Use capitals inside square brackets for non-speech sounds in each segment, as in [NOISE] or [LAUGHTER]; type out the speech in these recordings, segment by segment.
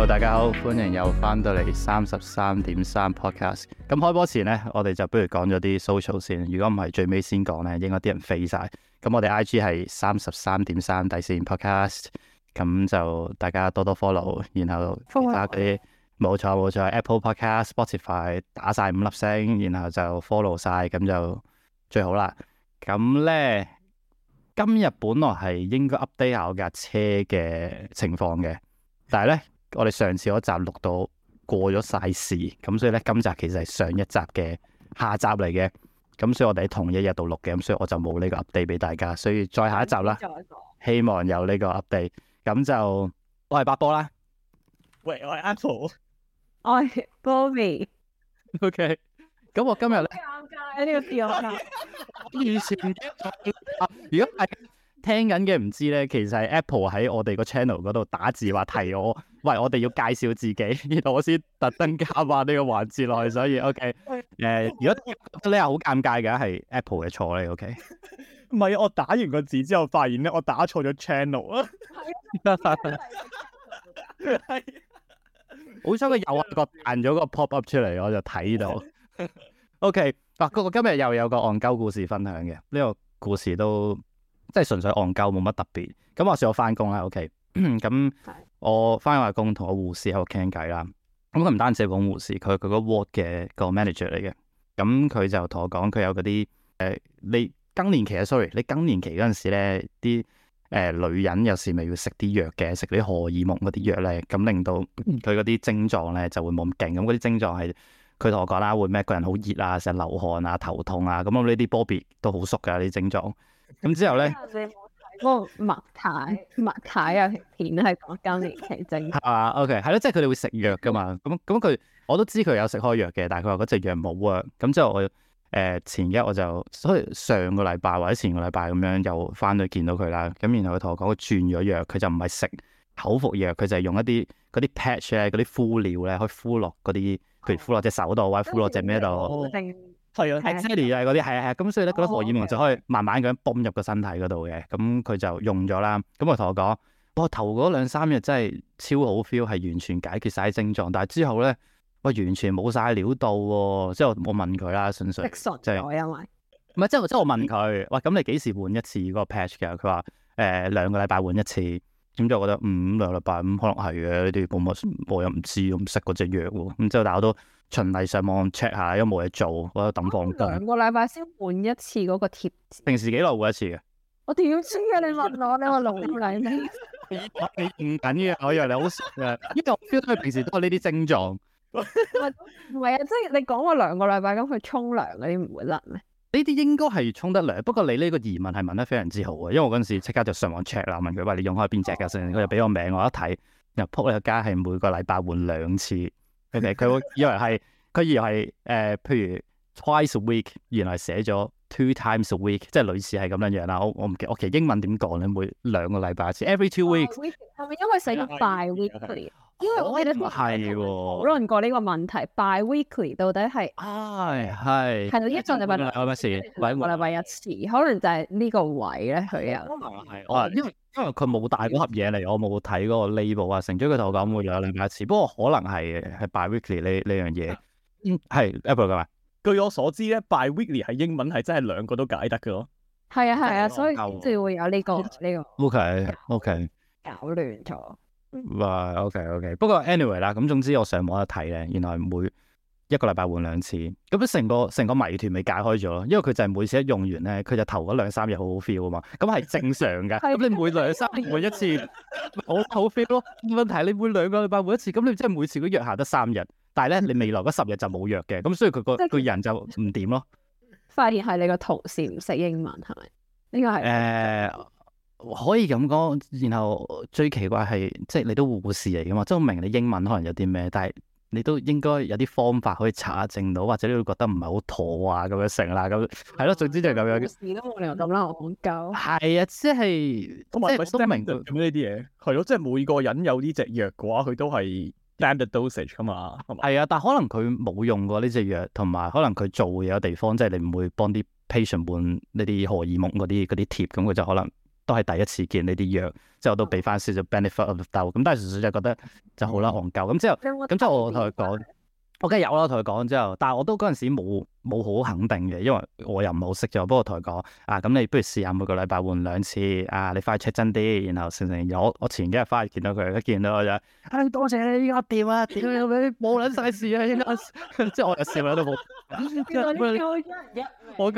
好，大家好，歡迎又翻到嚟三十三點三 podcast。咁開波前呢，我哋就不如講咗啲 social 先。如果唔係最尾先講呢應該啲人飛晒。咁我哋 IG 係三十三點三底線 podcast，咁就大家多多 follow，然後其他嗰啲冇錯冇錯，Apple Podcast、Spotify 打晒五粒星，然後就 follow 晒，咁就最好啦。咁呢，今日本來係應該 update 下我架車嘅情況嘅，但係呢。我哋上次嗰集錄到過咗晒事，咁所以咧今集其實係上一集嘅下集嚟嘅。咁所以我哋喺同一日度錄嘅，咁所以我就冇呢個 update 俾大家，所以再下一集啦。希望有呢個 update，咁就我係八波啦，喂我係 Apple，我係 Bobby，OK， [LAUGHS] okay, 咁我今日尷尬喺呢個地方，完全、啊、如果係聽緊嘅唔知咧，其實係 Apple 喺我哋個 channel 嗰度打字話提我。 [LAUGHS] 喂，我哋要介紹自己，然後我先特登加返呢個環節落去，所以 OK 誒、uh。 [LAUGHS] 如果你係好尷尬嘅，係 Apple 嘅錯咧。OK，唔 [LAUGHS] 係我打完個字之後，發現咧我打錯咗 channel 啊。好彩佢又一個彈咗個 pop up 出嚟，我就睇到。OK，嗱、啊，今日又有個戇鳩故事分享嘅呢、這個故事都即係純粹戇鳩，冇乜特別。咁話說我翻工啦。OK，咁。 [COUGHS] 我翻外工同個護士喺度傾偈啦，咁佢唔單止捧護士，佢佢個 w o r d 嘅個 manager 嚟嘅，咁、嗯、佢就同我講，佢有嗰啲誒，你更年期啊，sorry，你更年期嗰陣時咧，啲、呃、誒女人有時咪要食啲藥嘅，食啲荷爾蒙嗰啲藥咧，咁、嗯、令到佢嗰啲症狀咧就會冇咁勁，咁嗰啲症狀係佢同我講啦，會咩？個人好熱啊，成日流汗啊，頭痛啊，咁呢啲波 o 都好熟噶啲症狀，咁、嗯、之後咧。 [LAUGHS] 個麥太麥太有片係講更年期症係啊，OK，係咯，即係佢哋會食藥㗎嘛，咁咁佢我都知佢有食開藥嘅，但係佢話嗰隻藥冇啊，咁之就誒、呃、前一日我就所以上個禮拜或者前個禮拜咁樣又翻去見到佢啦，咁然後佢同我講佢轉咗藥，佢就唔係食口服藥，佢就係用一啲嗰啲 patch 咧，嗰啲敷料咧，可以敷落嗰啲，譬如敷落隻手度或者敷落隻咩度。嗯嗯係啊 e 啊嗰啲，係啊係，咁、嗯、所以咧，覺得荷爾蒙就可以慢慢咁泵入個身體嗰度嘅，咁佢就用咗啦。咁佢同我講，我頭嗰兩三日真係超好 feel，係完全解決晒症狀。但係之後咧，我完全冇晒料到。之後我問佢啦，純粹就係，唔係，即係即係我問佢，喂，咁你幾時換一次嗰個 patch 嘅？佢話誒兩個禮拜換一次。咁就後覺得五兩、嗯、個禮拜，五可能係嘅啲保物，我又唔知，唔食嗰隻藥。咁之後打都……但我循例上網 check 下，有冇嘢做，我喺度等放工。兩個禮拜先換一次嗰個貼紙。平時幾耐換一次嘅？我點知嘅，你問我你話六嚟嘅。你你唔緊要嘅，我以為你好熟嘅， [LAUGHS] 因為我 feel 佢平時都係呢啲症狀。唔係啊，即係、就是、你講話兩個禮拜咁去沖涼，嗰啲唔會甩咩？呢啲應該係沖得涼。不過你呢個疑問係問得非常之好啊，因為我嗰陣時即刻就上網 check 啦，問佢話你用開邊隻嘅先，佢、嗯、就俾個名我一睇，又仆你個街係每個禮拜換兩次。佢哋佢會以為係佢以為係誒，譬如 twice a week，原來寫咗 two times a week，即係類似係咁樣樣啦。我我唔記得，我記英文點講咧？每兩個禮拜一次，every two weeks。係咪因為寫咗 five weeks？因為我記得我係討論過呢個問題，by weekly、哦啊、到底係，唉、哎，係，係到一陣就拜兩兩一次，拜兩拜一次，可能就係呢個位咧佢又。可能係我係因為因為佢冇帶嗰盒嘢嚟，我冇睇嗰個 label 啊，成追佢同我講會有兩日一次，不過可能係係 by weekly 呢呢樣嘢，嗯，係 apple 噶嘛？據我所知咧，by weekly 係英文係真係兩個都解得嘅咯。係啊係啊，所以先會有呢個呢個。OK OK，搞亂咗。話 OK OK，不過 Anyway 啦，咁總之我上網一睇咧，原來每一個禮拜換兩次，咁成個成個謎團未解開咗，因為佢就係每次一用完咧，佢就頭嗰兩三日好好 feel 啊嘛，咁係正常嘅。咁你每兩三日換一次，好好 feel 咯。問題你每兩個禮拜換一次，咁你即係每次都約下得三日，但係咧你未來嗰十日就冇藥嘅，咁所以佢個個人就唔掂咯。發現係你個頭先唔識英文，係咪？應該係。可以咁講，然後最奇怪係即係你都護護士嚟噶嘛，即係我明你英文可能有啲咩，但係你都應該有啲方法可以查下證到，或者你會覺得唔係好妥啊咁樣成啦，咁係咯，嗯、對總之就係咁樣。嘅事都冇理由咁啦，我講夠。係啊，即係即係都明咁呢啲嘢，係咯、啊，即係每個人有呢隻藥嘅話，佢都係 standard dosage 噶嘛。係啊，但係可能佢冇用過呢隻藥，同埋可能佢做嘢嘅地方，即係你唔會幫啲 patient 換呢啲荷爾蒙嗰啲啲貼，咁佢就可能。都係第一次見呢啲藥，之後都俾翻少少 benefit of the doubt，咁但係純粹就覺得就好啦戇鳩，咁、mm hmm. 之後咁之後我同佢講，我梗係有啦，我同佢講之後，但係我都嗰陣時冇。冇好肯定嘅，因為我又唔好識咗。不過同佢講啊，咁你不如試下每個禮拜換兩次啊，你快 check 真啲，然後成成我我前幾日翻去見到佢，一見到我就、哎，多謝你呢家掂啊，掂冇捻晒事啊，即係我笑得都好。我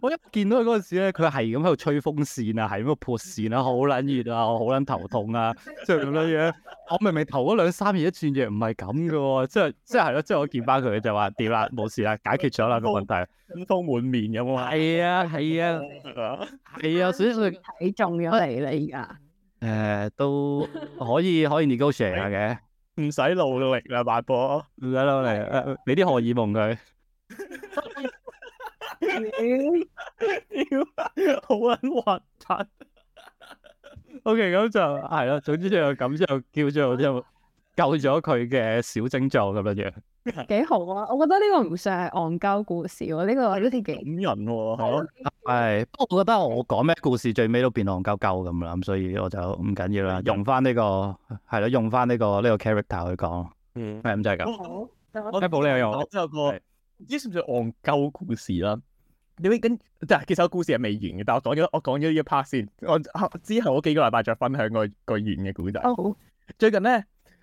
我一見到佢嗰陣時咧，佢係咁喺度吹風扇啊，係咁喺度撥扇啊，好捻熱啊，我好捻頭痛啊，即係咁嘅嘢。我明明投嗰兩三頁一轉嘅唔係咁嘅喎，即係即係係咯，即係我見翻佢就話掂啦，冇事啦，解決有啦個問題，烏通滿面咁啊！係啊係啊係啊，少少體重咗你啦而家。誒，都可以可以 negotiate 嘅，唔使努力啦，八婆唔使努力，你啲荷爾蒙佢，屌好撚滑鏟。OK，咁就係咯，總之就咁就叫咗我之後。救咗佢嘅小精壯咁樣樣，幾好啊！我覺得呢個唔算係戇鳩故事、啊，呢、這個好似驚人係咯。係不過我覺得我講咩故事最尾都變戇鳩鳩咁啦，咁所以我就唔緊要啦，用翻呢、這個係咯，用翻呢、這個呢、這個 character 去講。嗯，係咁就係咁。我補你有用。有個唔知算唔算戇鳩故事啦。你跟即係其實個故事係未完嘅，但係我講咗我講咗呢一 part 先。我之後我幾個禮拜再分享個個完嘅古仔。好，最近咧。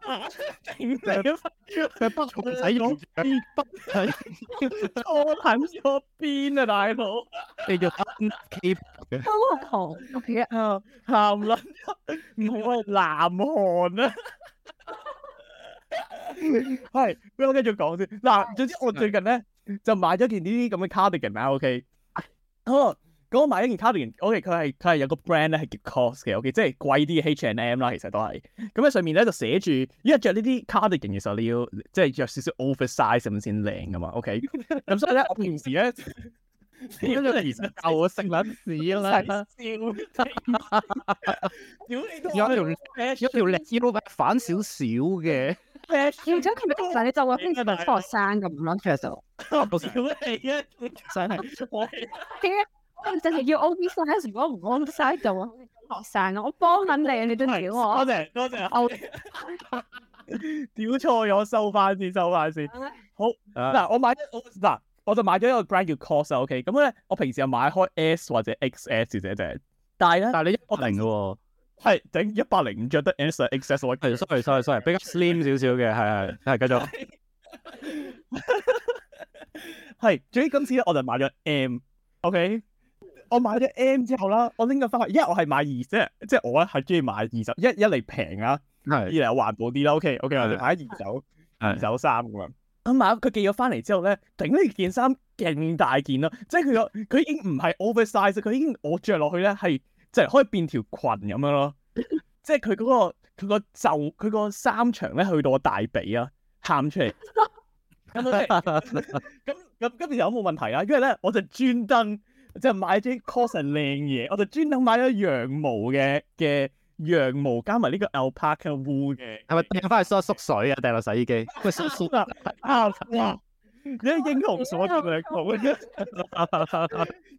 定定要北韓使用，北韓坐喺咗邊啊？大佬。繼續南韓，南韓 OK 啊，喊啦，唔係，我係南韓啊。係，不如我繼續講先。嗱，總之我最近咧就買咗件呢啲咁嘅 cardigan 啦。OK，好。咁我買一件 cardigan，OK，佢係佢係有個 brand 咧係叫 COS 嘅，OK，即係貴啲嘅 H and M 啦，其實都係。咁喺上面咧就寫住，依家著呢啲 cardigan 嘅時候，你要即係著少少 oversize 咁先靚噶嘛，OK。咁所以咧，我平時咧，根本就其實教我食卵屎啦，笑。有條有條領要反少少嘅。而且佢唔得閒，你就話好似學生咁咯，其實就。笑咩？真係。真係要 oversize，如果唔 oversize 就我學生，我幫緊你啊！你都屌我，多謝多謝。屌錯咗，收翻先，收翻先。好嗱，我買咗我嗱，我就買咗一個 brand 叫 COS 啊。OK，咁咧，我平時又買開 S 或者 XS 者者。但係咧，但係你一百零嘅喎，係整一百零五着得 S、XS 或者縮嚟縮嚟縮嚟，比較 slim 少少嘅，係係係繼續。係，至於今次咧，我就買咗 M，OK。我買咗 M 之後啦，我拎咗翻去，因為我係買二，即係即係我咧係中意買二手，一一嚟平啊，二嚟有環保啲啦。O K O K，我哋買咗二手二手衫咁樣。咁買咗，佢寄咗翻嚟之後咧，頂，呢件衫勁大件咯，即係佢個佢已經唔係 oversize，佢已經我着落去咧係即係可以變條裙咁樣咯，啊，即係佢嗰個佢個袖佢個衫長咧去到我大髀啊，喊出嚟。咁咁咁，呢件有冇問題啊？因為咧，我就專登。即係買啲 cosset 靚嘢，我就專登買咗羊毛嘅嘅羊毛，加埋呢個 alpaca 嘅 wool 嘅，係咪掉翻去縮縮水啊？掉落 [LAUGHS] 洗衣機，佢縮縮水啊！哇，你個 [LAUGHS] 英雄所見唔恐啊！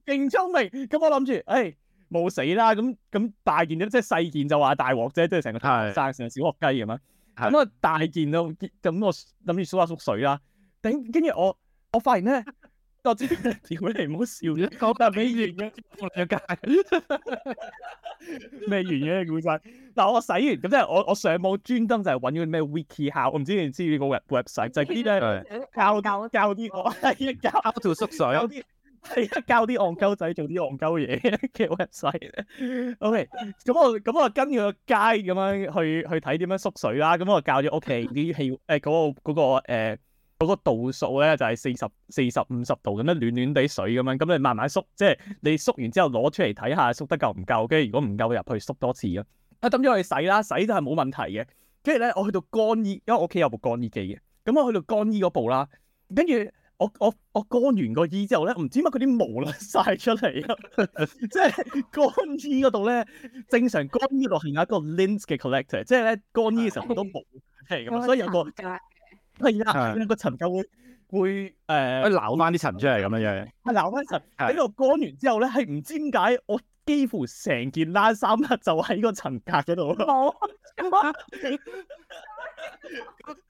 勁聰 [LAUGHS] [LAUGHS] 明，咁我諗住，誒、哎、冇死啦，咁咁大件即係細件就話大鑊啫，即係成個大成 [LAUGHS] 是個小鑊雞咁啊！咁啊是大件都咁我諗住縮下縮水啦，頂跟住我我發現咧。我知，點解你唔好笑，笑。啫、啊？講百美元嘅，扑街咩完嘅估晒！嗱，我洗完咁即係我我上網專登就係揾咗啲咩 wiki how 我唔知你知呢個 web website 就係嗰啲咧教教啲我係 [LAUGHS] 教些 [LAUGHS] [LAUGHS] out、okay, to 縮水，有啲係教啲戇鳩仔做啲戇鳩嘢嘅 website。OK，咁我咁我跟住個街咁樣去去睇點樣縮水啦。咁我教咗屋企啲氣誒嗰個嗰、那個那個欸嗰個度數咧就係四十四十五十度咁樣，暖暖地水咁樣，咁你慢慢縮，即係你縮完之後攞出嚟睇下縮得夠唔夠，跟住如果唔夠入去縮多次咯。啊，抌咗去洗啦，洗都係冇問題嘅。跟住咧，我去到乾衣，因為我屋企有部乾衣機嘅，咁我去到乾衣嗰部啦。跟住我我我乾完個衣之後咧，唔知乜佢啲毛甩晒出嚟咯，即係乾衣嗰度咧，正常乾衣落係有一個 lint 嘅 collector，即係咧乾衣嘅時候好多毛，係咁， [LAUGHS] 所以有個。係啊，的個塵隔會的會誒，撈翻啲塵出嚟咁樣樣。係撈翻塵，喺度乾完之後咧，係唔知點解我幾乎成件冷衫就喺個塵隔嗰度。冇，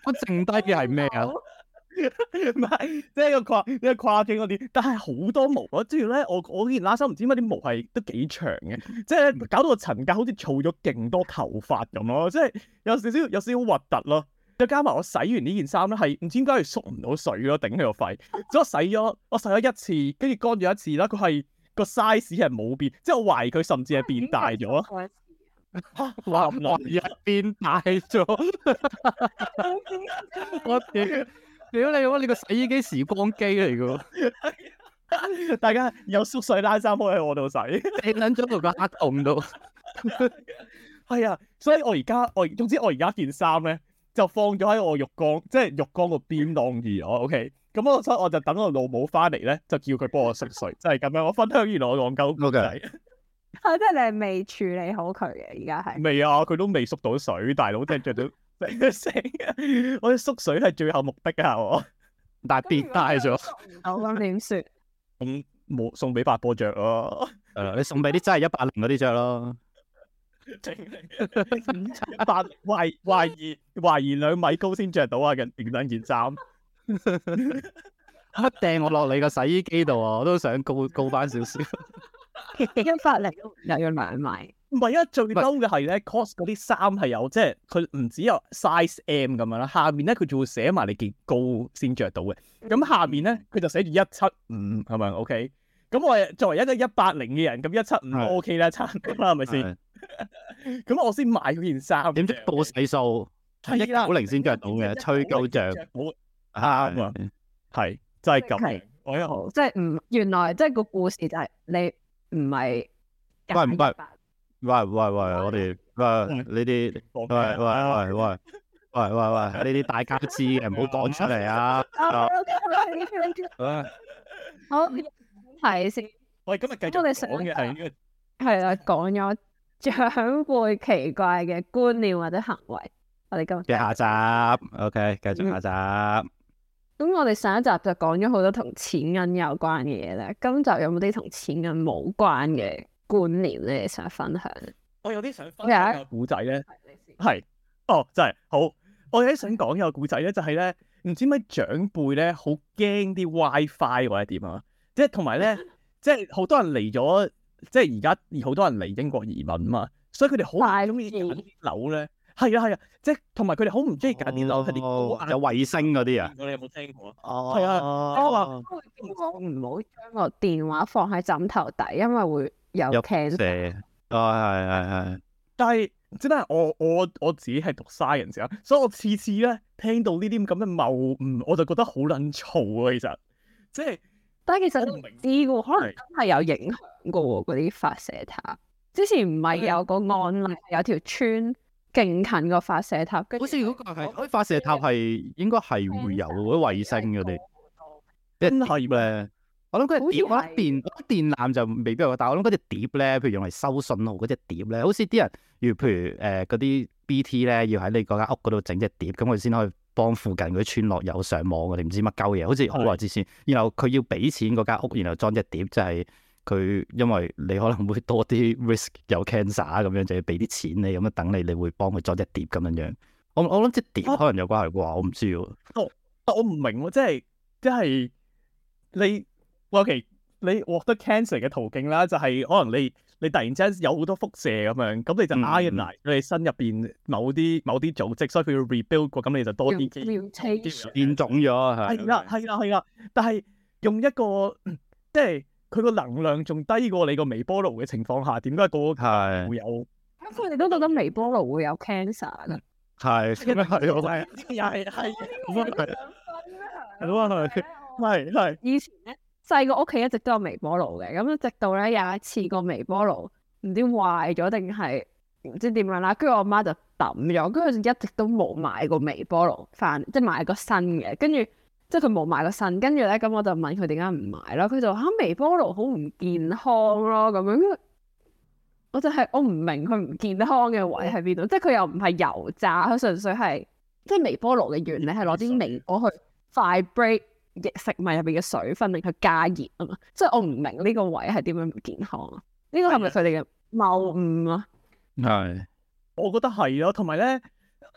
我剩低嘅係咩啊？唔係， [LAUGHS] 即係個跨，個跨境嗰啲，但係好多毛。跟住咧，我我件冷衫唔知點解啲毛係都幾長嘅，即係搞到個塵隔好似儲咗勁多頭髮咁咯，即係有少少，有少少核突咯。再加埋我洗完呢件衫咧，係唔知點解係縮唔到水咯，頂佢個肺。所以我洗咗，我洗咗一次，跟住乾咗一次啦。佢係個 size 係冇變，即係我懷疑佢甚至係變大咗。懷麼、啊、疑變大咗，我屌屌你，你個洗衣機時光機嚟噶！ [LAUGHS] 大家有縮水拉衫可以喺我度洗，你捻咗個黑暗到。係啊，所以我而家我總之我而家件衫咧就放咗喺我浴缸，即係浴缸個邊晾而我。OK 咁我想我就等我老母翻嚟咧，就叫佢幫我縮水，即係咁樣。我分享完我講鳩耳，啊，即係你係未處理好佢嘅，而家係未啊，佢都未縮到水。大佬着聽著都死啊！我啲縮水係最後目的啊，但係跌低咗，我諗點算？咁冇送俾發波著咯，你送俾啲真係一百零嗰啲著咯。整嚟五七八，懷懷疑懷疑兩米高先着到啊！件兩件衫，一掟我落你個洗衣機度啊！我都想高高翻少少。一百力，又要買唔係，唯一最嬲嘅係咧，cost 嗰啲衫係有即係，佢唔只有 size M 咁樣啦，下面咧佢仲會寫埋你幾高先着到嘅。咁下面咧佢就寫住一七五係咪？OK。魷利語咁我作為一個一八零嘅人，咁一七五都 O K 啦，差唔多啦，係咪先？咁我先買件衫。點知報死數？係啦，好靈先着到嘅，吹鳩脹，我啱啊，係真係咁。我一號，即係唔原來，即係個故事就係你唔係。喂喂喂喂喂，我哋喂呢啲喂喂喂喂喂喂，呢啲大家都知嘅，唔好講出嚟啊！好。係先。我哋今日繼續你講嘅係，係啦，講咗長輩奇怪嘅觀念或者行為。我哋今日嘅下集，OK，繼續下集。咁、嗯、我哋上一集就講咗好多同錢銀有關嘅嘢咧，今集有冇啲同錢銀冇關嘅觀念咧？想分享？我有啲想講一個古仔咧，係在哦，真係好。我有啲想講一個古仔咧，就係、是、咧，唔知乜長輩咧，好驚啲 WiFi 或者點啊？即係同埋咧，即係好多人嚟咗，即係而家好多人嚟英國移民嘛，所以佢哋好唔中意揀啲樓咧。係啊係啊，即係同埋佢哋好唔中意揀啲樓，有衛、哦、星嗰啲啊。你有冇聽過？哦，係啊。哦、我話唔好將個電話放喺枕頭底，因為會有蛇。啊係係係，哦、但係真係我我我自己係讀 science 嘅，所以我次次咧聽到呢啲咁嘅謬誤，我就覺得好撚嘈啊！其實即係。咧，其實都唔知嘅喎，可能真係有影響嘅喎，嗰啲發射塔。之前唔係有個案例，的有條村勁近個發射塔，好似如果係嗰啲發射塔係應該係會有嗰啲衛星嗰啲碟咧。我諗嗰隻碟咧，電電的電纜就未必，但係我諗嗰隻碟咧，譬如用嚟收信號嗰隻碟咧，好似啲人，如譬如誒嗰啲 BT 咧，要喺你嗰間屋嗰度整隻碟，咁佢先可以。幫附近嗰啲村落有上網嘅，定唔知乜鳩嘢？好似好耐之前，是然後佢要俾錢嗰間屋，然後裝隻碟，就係、是、佢因為你可能會多啲 risk 有 cancer 咁樣，就要俾啲錢你，咁樣等你，你會幫佢裝隻碟咁樣樣。我我諗隻碟可能有關係啩我，我唔知要。我唔明喎，即係即係你，OK？你獲得 cancer 嘅途徑啦，就係、是、可能你。你突然之間有好多輻射咁樣，咁你就挨入嚟你身入邊某啲某啲組織，所以佢要 rebuild 過，咁你就多啲變變種咗係。係啦，係啦，係啦。但係用一個即係佢個能量仲低過你個微波爐嘅情況下，點解嗰個係會有？咁佢哋都覺得微波爐會有 cancer 啊？係，係，又係，係，係，係，係，係，係，係，係，係，係，係，細個屋企一直都有微波爐嘅，咁啊直到咧有一次個微波爐唔知壞咗定係唔知點樣啦，跟住我媽就抌咗，跟住佢就一直都冇買過微波爐返，即係買個新嘅。跟住即係佢冇買個新，跟住咧咁我就問佢點解唔買咯？佢就話吓、啊、微波爐好唔健康咯，咁樣。我就係、是、我唔明佢唔健康嘅位喺邊度，嗯、即係佢又唔係油炸，佢純粹係即係微波爐嘅原理係攞啲微我去 vibrate 食物入邊嘅水分令佢加熱啊嘛，即係我唔明呢個位係點樣唔健康是是啊？呢個係咪佢哋嘅謬誤啊？係的，我覺得係咯、啊，同埋咧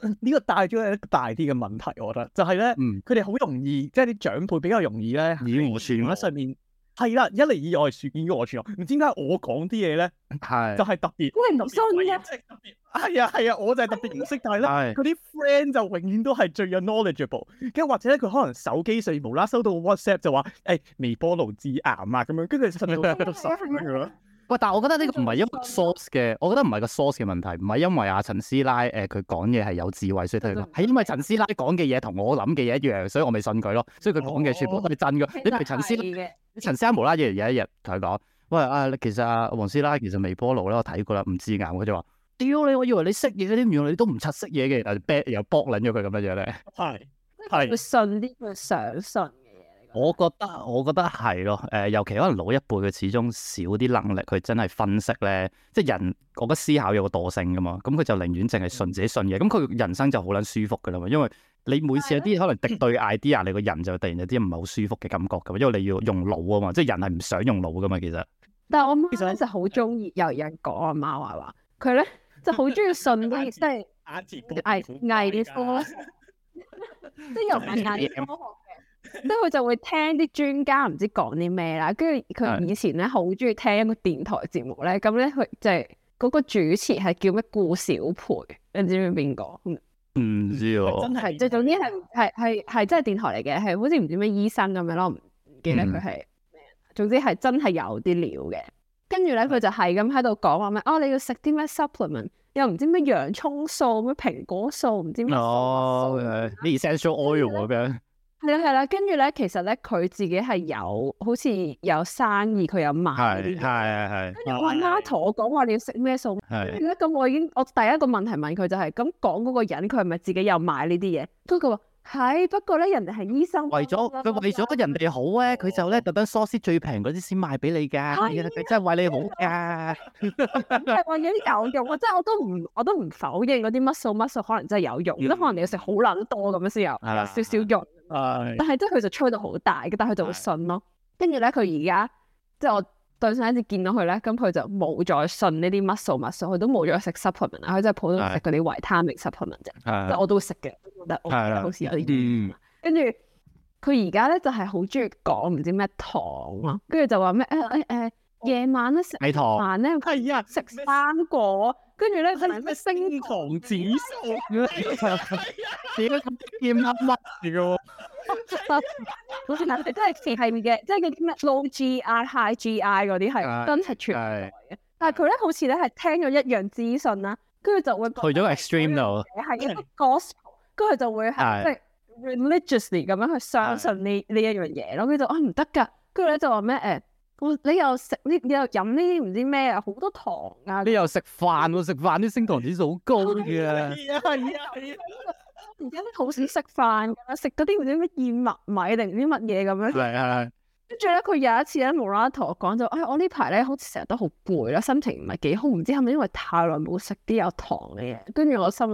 呢、呢個帶咗一個大啲嘅問題，我覺得就係咧，佢哋好容易，即係啲長輩比較容易咧耳膜穿。因為我諗，係啦，一嚟以外事件嘅我全部，唔知點解我講啲嘢咧，係的就係特別，歡一直特啊，係啊係啊，我就係特別唔識，的但係咧，佢啲 friend 就永遠都係最有 knowledgeable，跟住或者佢可能手機上無啦啦收到 WhatsApp 就話，誒、哎、微波爐致癌啊咁樣，跟住就成日都講。 [LAUGHS] 喂，但係我覺得呢個唔係一個 source 嘅，我覺得唔係個 source 嘅問題，唔係因為阿陳師奶誒佢講嘢係有智慧，所以佢係因為陳師奶講嘅嘢同我諗嘅嘢一樣，所以我咪信佢咯。所以佢講嘅全部都係真嘅。哦、你譬如陳師，陳師奶無啦啦有一日同佢講，喂啊，其實阿黃師奶其實微波爐啦，我睇過啦，唔致癌。」佢就話，屌你，我以為你識嘢，點知原來你都唔識識嘢嘅，又 back 搏撚咗佢咁樣咧。係係 Hi, 是，佢信啲佢想信。我覺得我覺得係咯，誒、呃、尤其可能老一輩佢始終少啲能力，佢真係分析咧，即係人，我覺得思考有個惰性噶嘛，咁佢就寧願淨係信自己信嘢，咁佢人生就好撚舒服噶啦嘛，因為你每次有啲可能敵對嘅 idea，啊、你個人就突然有啲唔係好舒服嘅感覺噶嘛，因為你要用腦啊嘛，即係人係唔想用腦噶嘛其實。但係我媽咧就好中意、啊、有人講阿貓話話，佢咧就好中意信啲即係。嗌啲歌。誒即係有即係佢就會聽啲專家唔知講啲咩啦，跟住佢以前咧好中意聽一個電台節目咧，咁咧佢就係、是、嗰、那個主持係叫咩顧小培，你知唔、嗯、知邊個？唔知啊，真係最總之係係係係真係電台嚟嘅，係好似唔知咩醫生咁樣咯，唔記得佢係、嗯，總之係真係有啲料嘅。跟住咧佢就係咁喺度講話咩，哦，你要食啲咩 supplement，又唔知咩洋蔥素，咩蘋果素，唔知咩，哦啲 essential oil 咁樣。 [LAUGHS] [LAUGHS] 係啦，跟住咧，其實咧，佢自己係有，好似有生意，佢有賣啲嘢。係跟住我媽同我講話，你要食咩餸？係。咁我已經，我第一個問題問佢就係，咁講嗰個人，佢係咪自己有賣呢啲嘢？跟住佢話：係，不過咧，人哋係醫生，為咗佢為咗人哋好咧，佢就咧特登，疏斯最平嗰啲先賣俾你㗎。係。真係為你好㗎。係為咗有用啊！真係我都唔，我都唔否認嗰啲乜 u 乜 c 可能真係有用。而家可能你要食好撚多咁樣先有少少肉。但係即係佢就吹到好大，但係佢就會信咯。跟住咧，佢而家即係我對上一次見到佢咧，咁佢就冇再信呢啲 muscle muscle，佢都冇再食 supplement 啦，佢真係普通食嗰啲維他命 supplement 啫。即的我都會食嘅，我覺得我、OK, 的好似有啲嘢。跟住佢而家咧就係好中意講唔知咩糖啊。跟住就話咩誒誒誒夜晚咧食米糖，係啊，食生果。跟住咧，佢係咩升糖指數咁樣，點解咁噉乜嘢嘅喎？好似係真係係嘅，即係嗰啲咩 low GI、high GI 嗰啲係真係存在嘅。但係佢咧好似咧係聽咗一樣資訊啦，跟住就會去咗 extreme 度咯，係一個 gospel，跟住就會係即係 religiously 咁樣去相信呢呢一樣嘢咯。跟住就哦唔得㗎，跟住咧就話咩誒？你又食呢？你又飲呢啲唔知咩啊？好多糖啊！你又食飯喎，食飯啲升糖指數好高嘅。係啊係啊，而家都好少食飯啦，食嗰啲唔知乜燕麥米定唔知乜嘢咁樣。係係係。跟住咧，佢有一次咧，無啦啦同我講就，誒、哎，我呢排咧好似成日都好攰啦，心情唔係幾好，唔知係咪因為太耐冇食啲有糖嘅嘢？跟住我心。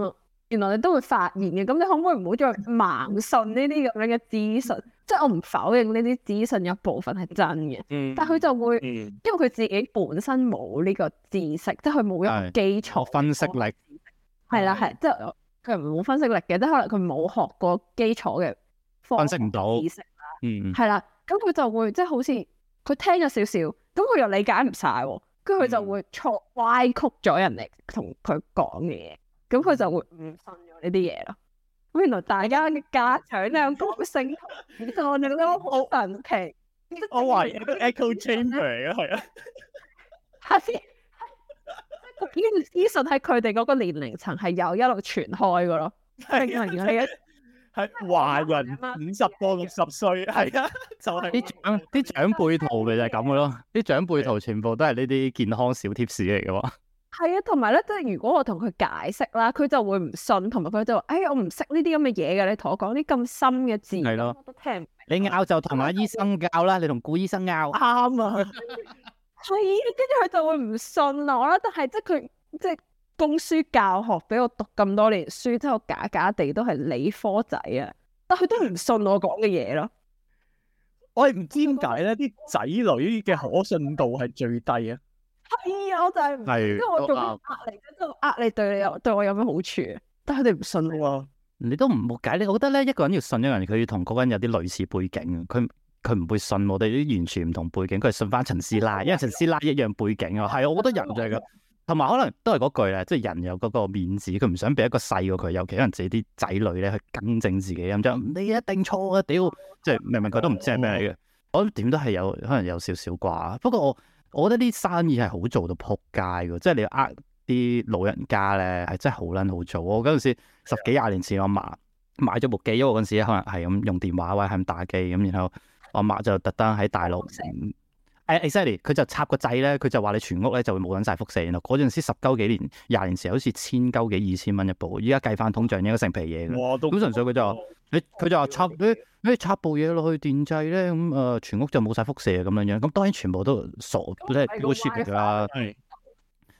原來你都會發現嘅，咁你可唔可以唔好再盲信呢啲咁樣嘅資訊？即係我唔否認呢啲資訊有一部分係真嘅，但係佢就會因為佢自己本身冇呢個知識，即係佢冇一個基礎分析力，係啦，係即係佢係冇分析力嘅，即係可能佢冇學過基礎嘅分析唔到知識啦，嗯，係啦，咁佢就會即係好似佢聽咗少少，咁佢又理解唔曬，跟住佢就會錯歪曲咗人哋同佢講嘅嘢。咁佢就會唔信咗呢啲嘢咯。咁原來大家嘅家長呢個聲就我哋都好神奇。我懷疑 Echo chamber 嚟嘅， [LAUGHS] 係啊，係呢啲資訊喺佢哋嗰個年齡層係有一路傳開嘅咯。係啊， [LAUGHS] 係啊，係華人五十個六十歲係啊，就係啲長啲長輩圖咪就係咁嘅咯。啲長輩圖全部都係呢啲健康小貼士嚟嘅喎。係啊，同埋咧，即係如果我同佢解釋啦，佢就會唔信，同埋佢就話哎，我唔識呢啲咁嘅嘢噶，你同我講啲咁深嘅字，的我都聽唔明。你拗就同阿醫生拗啦，嗯、你同古醫生拗。啱啊，所以跟住佢就會唔信我啦。但係即係佢即係，就是、供書教學俾我讀咁多年書之後，就是、假假地都係理科仔啊，但佢都唔信我講嘅嘢咯。 [LAUGHS] 我係唔知點解咧，啲仔 [LAUGHS] 女嘅可信度係最低啊。係啊、哎，我就係，跟住我仲要呃你，跟住呃你，對你有對我有咩好處？但係佢哋唔信喎，你都唔誤解。你我覺得咧，一個人要信一個人，佢要同嗰個人有啲類似背景。佢佢唔會信我哋啲完全唔同背景。佢係信翻陳師奶，因為陳師奶一樣背景啊。係啊，我覺得人就係咁，同埋、啊、可能都係嗰句咧，即、就、係、是、人有嗰個面子，佢唔想俾一個細過佢，尤其可能自己啲仔女咧去更正自己咁樣、嗯。你一定錯啊屌！即係、嗯嗯、明明佢都唔知係咩嘅，我點都係有可能有少少啩。不過我。我覺得啲生意係好做到撲街嘅，即係你要呃啲老人家咧，係真係好撚好做。我嗰陣時十幾廿年前，我阿嫲買咗部機，因為嗰陣時可能係咁用電話或者係咁打機咁，然後我阿嫲就特登喺大陸。exactly，佢就插個掣咧，佢就話你全屋咧就會冇撚晒輻射。然後嗰陣時十鳩幾年、廿年時，好似千鳩幾二千蚊一部。依家計翻通脹應該成皮嘢。咁純粹佢就你佢都、哎、就話插你、哎哎、插部嘢落去電掣咧，咁、嗯、啊全屋就冇晒輻射咁樣樣。咁當然全部都傻即係冇出嚟啦。係。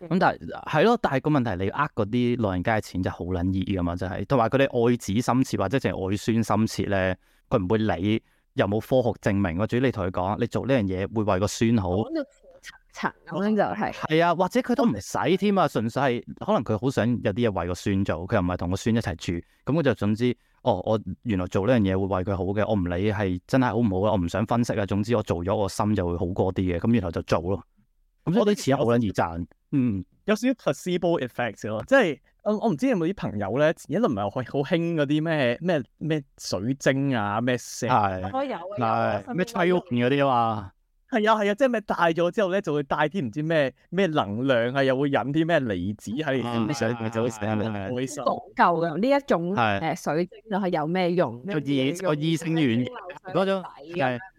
咁但係係咯，但係個問題你呃嗰啲老人家嘅錢就好撚易㗎嘛，就係。同埋佢哋愛子心切或者係愛孫心切咧，佢唔會理會。有冇科學證明？主你同佢講，你做呢樣嘢會為個孫好。講咁、哦、就係、是。係啊，或者佢都唔使添啊，純粹係可能佢好想有啲嘢為個孫做。佢又唔係同個孫一齊住，咁我就總之，哦，我原來做呢樣嘢會為佢好嘅，我唔理係真係好唔好啊，我唔想分析啊，總之我做咗，我心就會好過啲嘅。咁然後就做咯。咁我啲錢好撚易賺。嗯，有少少 placebo effect 咯，即係。我唔知有冇啲朋友咧，而家都唔係好好興嗰啲咩咩咩水晶啊，咩石，係，係咩砌屋嗰啲啊嘛，係啊係啊，即係咪戴咗之後咧，就會帶啲唔知咩咩能量啊，又會引啲咩離子喺上面，就會成日唔開心。講究㗎，呢一種誒水晶佢有咩用？個醫個醫生院嗰種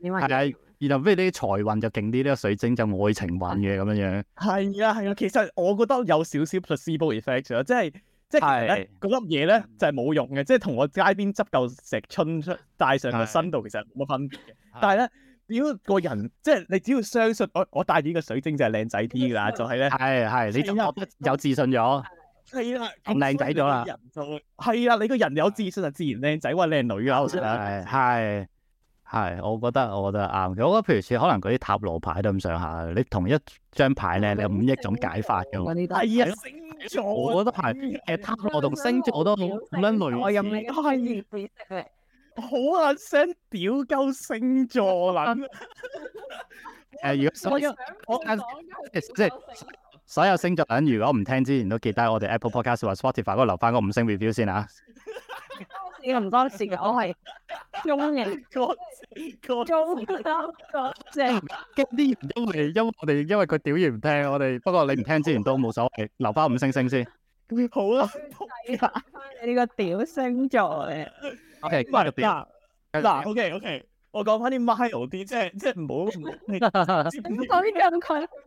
係。然後譬如啲財運就勁啲，呢個水晶就愛情運嘅咁樣樣。係啊係啊，其實我覺得有少少 placebo effect 咗，即係即係咧，嗰粒嘢咧就係冇用嘅，即係同我街邊執嚿石春出帶上個身度其實冇乜分別。但係咧，如果個人即係你只要相信我，我帶住呢個水晶就係靚仔啲㗎，就係咧。係係，你就覺得有自信咗。係啦，咁靚仔咗啦。人就係啊，你個人有自信就自然靚仔或者靚女啦，好似係，我覺得我覺得啱。我覺得譬如，如可能嗰啲塔羅牌都咁上下，你同一張牌咧，你有五億種解法嘅。係、哎、啊，星座。我覺得牌誒塔羅同星座我都好撚類似。我任你血嘅。好撚聲屌鳩星座。誒，如果所我講緊即係所有星座人，如果唔聽之前都記得我哋 Apple Podcast 或 Spotify 嗰留翻個五星 review 先啊。 [LAUGHS] 咁多時嘅，我係中型歌，中生歌，即係啲人因為因我哋因為佢屌完唔聽，我哋不過你唔聽之前都冇所謂，留翻五星星先。好啦，你呢個屌星座嘅。O K，唔該，嗱，嗱，O K，O K。吊吊我講翻啲 mile 啲，即係即係唔好。我呢 [LAUGHS] 個佢唔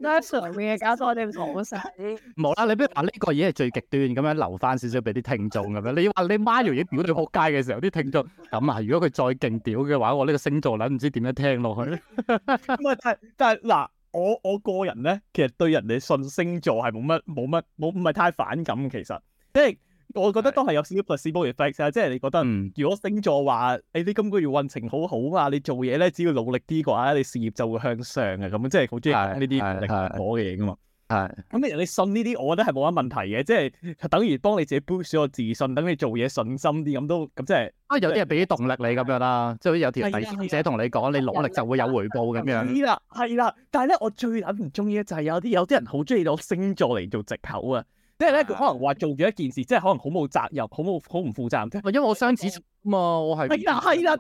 得上嘅，搞錯啲，唔好啦，你不如話呢個嘢係最極端咁樣留翻少少俾啲聽眾咁樣。你話你 mile 已經屌到仆街嘅時候，啲聽眾咁啊！如果佢再勁屌嘅話，我呢個星座諗唔知點樣聽落去。唔 [LAUGHS] 係，但係但係嗱，我我個人咧，其實對人哋信星座係冇乜冇乜冇唔係太反感，其實即係。我覺得都係有少少 positive effect 啊，即係你覺得如果星座話，誒、哎、你今個月運程好好啊，你做嘢咧只要努力啲嘅話，你事業就會向上嘅，咁即係好中意呢啲動力我嘅嘢噶嘛。係，咁你你信呢啲，我覺得係冇乜問題嘅，即、就、係、是、等於幫你自己 boost 個自信，等你做嘢信心啲，咁都咁即係。啊、就是，有啲人俾啲動力你咁樣啦，即係好似有條第三者同你講，你努力就會有回報咁樣。係啦，係啦，但係咧，我最捻唔中意咧就係有啲有啲人好中意攞星座嚟做藉口啊。即係咧，佢可能話做咗一件事，即係可能好冇責任，好冇好唔負責任。咪因為我雙子嘛，我係係啦係啦，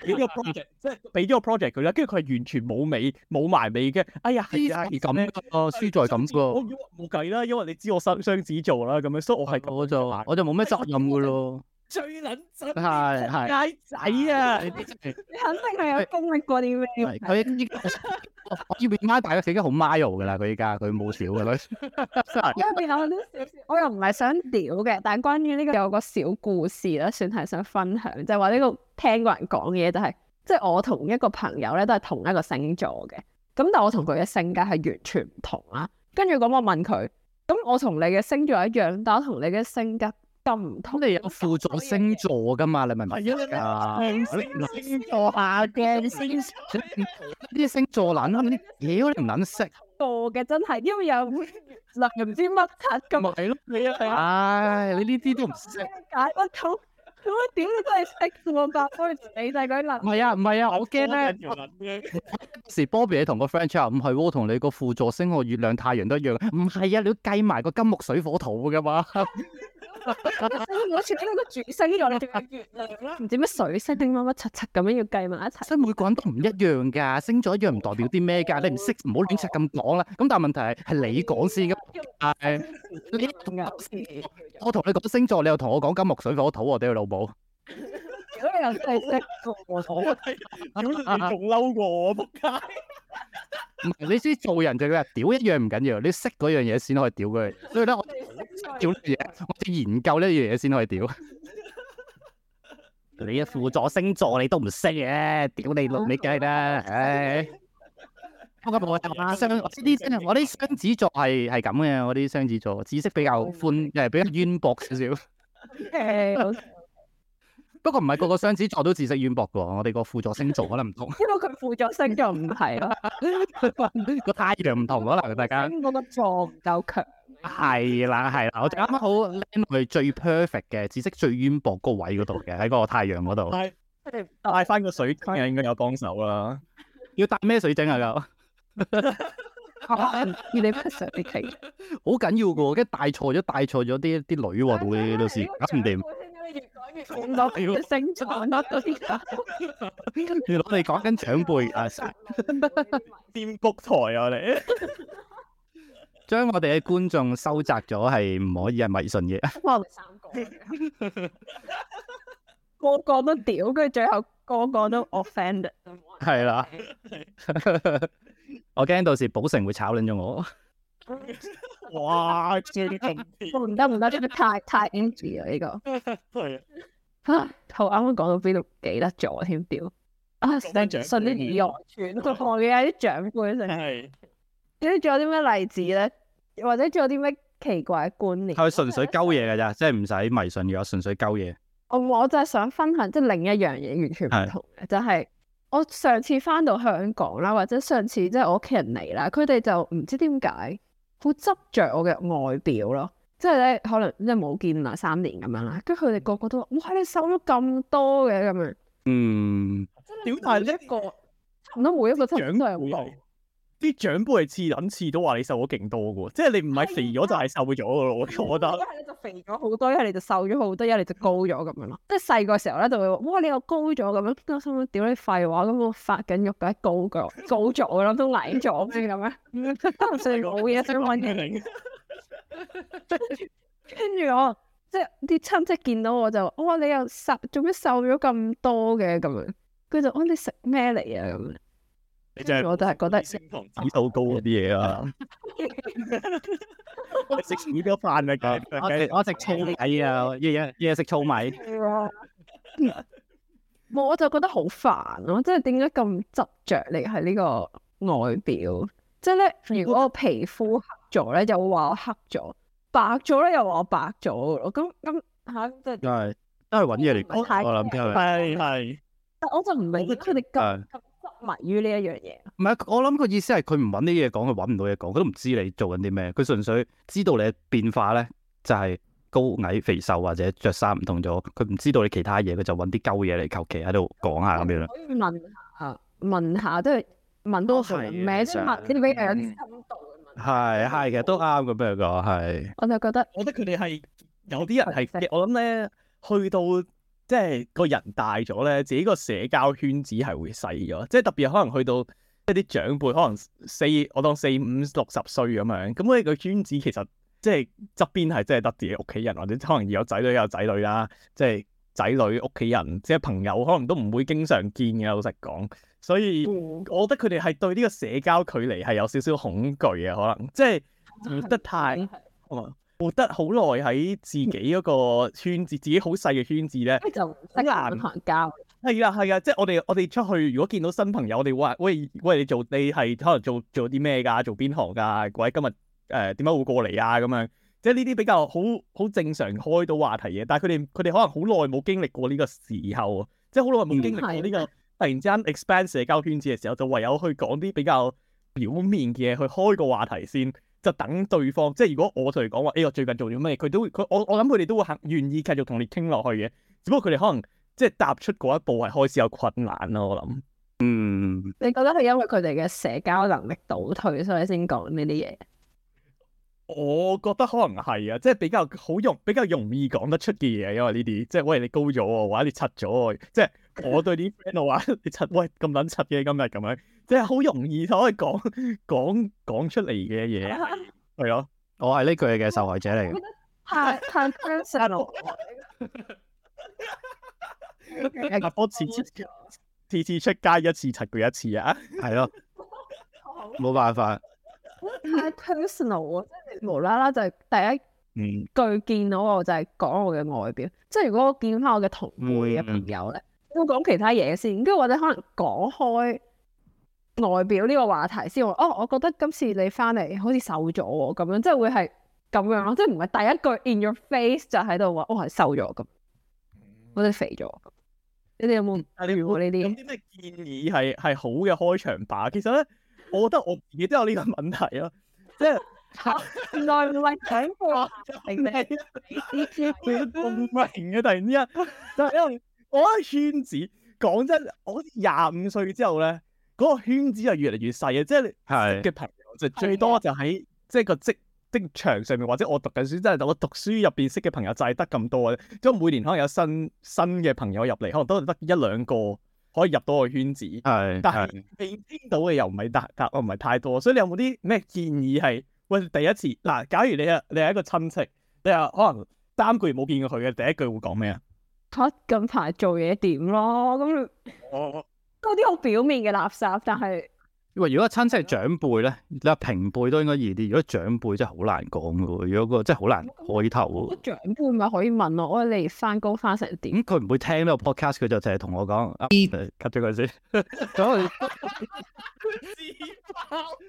俾咗個 project，即係俾咗個 project 佢啦，跟住佢係完全冇尾，冇埋尾嘅。哎呀，係啊，咁噶，輸在咁噶，嗯。我冇計啦，因為你知我雙雙子座啦，咁樣，所以我係對我就我就冇咩責任噶咯。哎最卵真係，係仔啊！是是 [LAUGHS] 你肯定係有功力過啲咩？佢要 [LAUGHS] 我，我大個死格好 marry 噶啦，佢依家佢冇少噶啦。依邊有啲， [LAUGHS] 我又唔係想屌嘅，但係關於呢、這個有個小故事啦，算係想分享，就是這個、話呢個聽過人講嘅嘢就係、是，即、就、係、是、我同一個朋友咧都係同一個星座嘅，咁但係我同佢嘅性格係完全唔同啦。跟住咁我問佢，咁我同你嘅星座一樣，但我同你嘅性格。咁，唔通你有輔助星座噶嘛？你明唔明啊？星座下嘅星座，呢啲星座捻乜嘢？妖，你唔捻識？座嘅真係，因為又嗱又唔知乜柒咁。咪係咯，係啊，係啊。唉，你呢啲都唔識。解唔通。咁點你都係識放白灰，死晒佢能唔係啊？唔係啊！我驚咧。時 Bobby 你同個 friendcheck 唔係喎，同你個輔助星號月亮太陽都一樣。唔係啊，你要計埋個金木水火土噶嘛？我全係個主星，我哋話月亮啦，唔知乜水星乜乜七七咁樣要計埋一齊。所以每個人都唔一樣噶，星座一樣唔代表啲咩噶。你唔識唔好亂七咁講啦。咁但係問題係，係你講先噶，係你。我同你講星座，你又同我講金木水火土，我屌你老母！如果你又識星座，我屌你，屌你仲嬲過我仆街！唔係，你知做人就叫咩？屌一樣唔緊要，你識嗰樣嘢先可以屌佢。所以咧，我屌呢樣嘢，我研究呢樣嘢先可以屌。你嘅輔助星座你都唔識嘅，屌你老，你計啦，唉！我啲雙子座係係咁嘅，我啲雙子座知識比較寬，又係比較淵博少少。不過唔係個個雙子座都知識淵博噶，我哋個輔助星座可能唔同。因為佢輔助星座唔係咯，個太陽唔同可能大家。我個座唔夠強。係啦係啦，我哋啱啱好喺最 perfect 嘅知識最淵博個位嗰度嘅喺個太陽嗰度。帶翻個水晶啊，應該有幫手啦。要帶咩水晶啊？又？要你乜嘢上邊提？好緊要噶，跟住帶錯咗，帶錯咗啲啲女喎，到你嗰時，搞唔掂。我哋講緊長輩啊，墊谷台我哋，將我哋嘅觀眾收窄咗，係唔可以係迷信嘅。我唔想講，個個都屌，跟住最後個個都 offend。係啦。我驚到時寶城會炒捻咗我。 [LAUGHS] 哇，唔得唔得，呢個太太 enjoy 啊呢個。係 [LAUGHS] 啊。吓，啱啱講到邊度？記得咗添，屌啊對！信啲異樣傳統嘅有啲長輩成。係。跟住仲有啲咩例子咧？或者仲有啲咩奇怪嘅觀念？係純粹勾嘢噶咋，嗯、即係唔使迷信嘅，純粹勾嘢。我我就想分享，即係另一樣嘢，完全唔同是就係、是。我上次翻到香港啦，或者上次即係我屋企人嚟啦，佢哋就唔知點解好執着我嘅外表咯，即係咧可能即係冇見啦三年咁樣啦，跟住佢哋個個都話：哇，你瘦咗咁多嘅咁樣，嗯，表達呢一個，唔通、嗯、每，每一個真係唔夠。啲長輩係似諗似到話你瘦咗勁多嘅喎，即係你唔係肥咗就係瘦咗嘅咯。哎、呀我覺得一係你就肥咗好多，一係你就瘦咗好多，一係你就高咗咁樣咯。即係細個時候咧，就會哇你又高咗咁樣。邊個心諗？你廢話，咁我發緊肉梗係高腳高咗我諗，都矮咗咁樣。當時冇嘢想問嘅。跟住 [LAUGHS] [LAUGHS] 我即係啲親戚見到我就哇你又瘦，做咩瘦咗咁多嘅咁樣？佢就話你食咩嚟啊咁樣？我就係覺得升糖指數高嗰啲嘢啊，我我直情睇啊，日日食糙米，我我就覺得好煩咯，即係點解咁執着你喺呢個外表？即係咧，如果我皮膚黑咗咧，又話我黑咗；白咗咧，又話我白咗咯。咁咁吓，即係都係都搵嘢嚟講，我諗係咪？係係，但我就唔明佢哋咁。失迷於呢一樣嘢，唔係，我諗個意思係佢唔揾啲嘢講，佢揾唔到嘢講，佢都唔知你做緊啲咩，佢純粹知道你變化咧，就係高矮肥瘦或者着衫唔同咗，佢唔知道你其他嘢，佢就揾啲鳩嘢嚟求其喺度講下咁樣。可以問下，問下都係問多個名，即係問係係其實都啱咁樣講係。我就覺得，我覺得佢哋係有啲人係我諗咧，去到。即係個人大咗咧，自己個社交圈子係會細咗。即係特別可能去到一啲長輩，可能四我當四五六十歲咁樣，咁嗰個圈子其實即係側邊係即係得自己屋企人，或者可能有仔女有仔女啦，啊，即係仔女屋企人即係朋友，可能都唔會經常見嘅。老實講，所以我覺得佢哋係對呢個社交距離係有少少恐懼嘅，可能即係唔得太可能。嗯嗯活得好耐喺自己嗰個圈子， [NOISE] 自己好細嘅圈子咧，就識硬學交。係 [NOISE] 啊，係啊， [NOISE] 即係我哋我哋出去，如果見到新朋友，我哋話喂喂，你做你係可能做做啲咩㗎？做邊行㗎？各位今日誒點解會過嚟啊？咁樣即係呢啲比較好好正常開到話題嘅。但係佢哋佢哋可能好耐冇經歷過呢個時候，即係好耐冇經歷過呢個突然之間 expand 社交圈子嘅時候，就唯有去講啲比較表面嘅嘢去開個話題先。就等對方，即係如果我同你講話，欸我最近做咗咩嘢，佢都會佢我我諗佢哋都會肯願意繼續同你傾落去嘅，只不過佢哋可能即係踏出嗰一步係開始有困難咯，我諗。嗯。你覺得係因為佢哋嘅社交能力倒退，所以先講呢啲嘢？我覺得可能係啊，即係比較好容比較容易講得出嘅嘢，因為呢啲即係喂你高咗啊、哦，或者你柒咗喎，即係我對啲 friend 我話你柒，喂咁撚柒嘅今日咁樣。即係好容易可以講講講出嚟嘅嘢係係咯，我係呢句嘅受害者嚟嘅，太 personal，我次次出街一次窒佢一次啊，係咯，冇辦法，太 personal 啊，即係無啦啦就係第一嗯句見到我就係講我嘅外表，即係如果我見翻我嘅同輩嘅朋友咧，要講其他嘢先，跟住或者可能講開。外表呢個話題先哦，我覺得今次你翻嚟好似瘦咗喎，咁樣即係會係咁樣咯，即係唔係第一句 in your face 就喺度話我係瘦咗咁，我哋肥咗，你哋有冇？你冇呢啲咁啲咩建議係係好嘅開場白？其實咧，我覺得我自己都有呢個問題啦、啊，即係內外長胖定咩？啲資料不明嘅、 [LAUGHS] 啊，突然之間就係、是、因為我喺圈子講真，我廿五歲之後咧。嗰個圈子又越嚟越細啊！即係識嘅朋友就最多就喺的即係個職職場上面，或者我讀緊書，即係我讀書入邊識嘅朋友就係得咁多咧。即係每年可能有新新嘅朋友入嚟，可能都係得一兩個可以入到個圈子，係的。但係未聽到嘅又唔係太，唔係太多，所以你有冇啲咩建議係？喂，第一次嗱，假如你啊，你係一個親戚，你啊可能三個月冇見過佢嘅，第一句會講咩啊？我近排做嘢點咯，咁。我嗰啲好表面嘅垃圾，但係喂，如果親戚係長輩咧，你話平輩都應該易啲。如果長輩真係好難講嘅喎，如果個真係好難開頭。長輩咪可以問我，我你翻工翻成點？佢唔、嗯、會聽呢個 podcast，佢就淨係同我講。cut 咗佢先。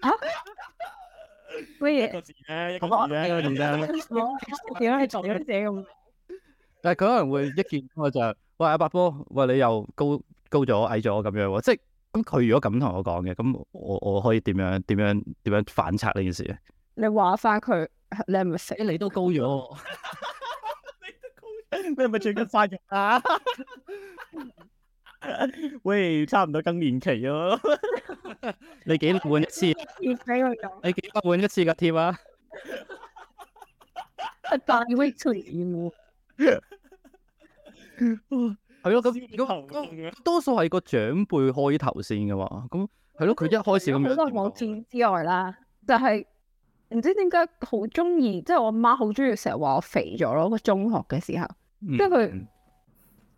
啊？喂，一個字咧，一個字咧，一個字咧，點解仲要借用？但係佢可能會一見我就，喂阿伯波，喂你又高高咗矮咗咁樣喎。即係咁佢如果咁同我講嘅，咁我我可以點樣點樣點樣反察呢件事咧？你話翻佢，你係咪死你都高咗？ [LAUGHS] 你都高，你係咪最近發育啊？喂，差唔多更年期咯， [LAUGHS] [LAUGHS] 哎、期 [LAUGHS] 你幾換一次？ [LAUGHS] 我你幾百換一次嘅貼啊？啊，當你會係咯，咁如果多數係個長輩開頭先嘅嘛，咁係咯，佢就一開始咁樣。除咗網戰之外啦，就係、是、唔知點解好中意，即、就、係、是、我媽好中意成日話我肥咗咯。個中學嘅時候，即係佢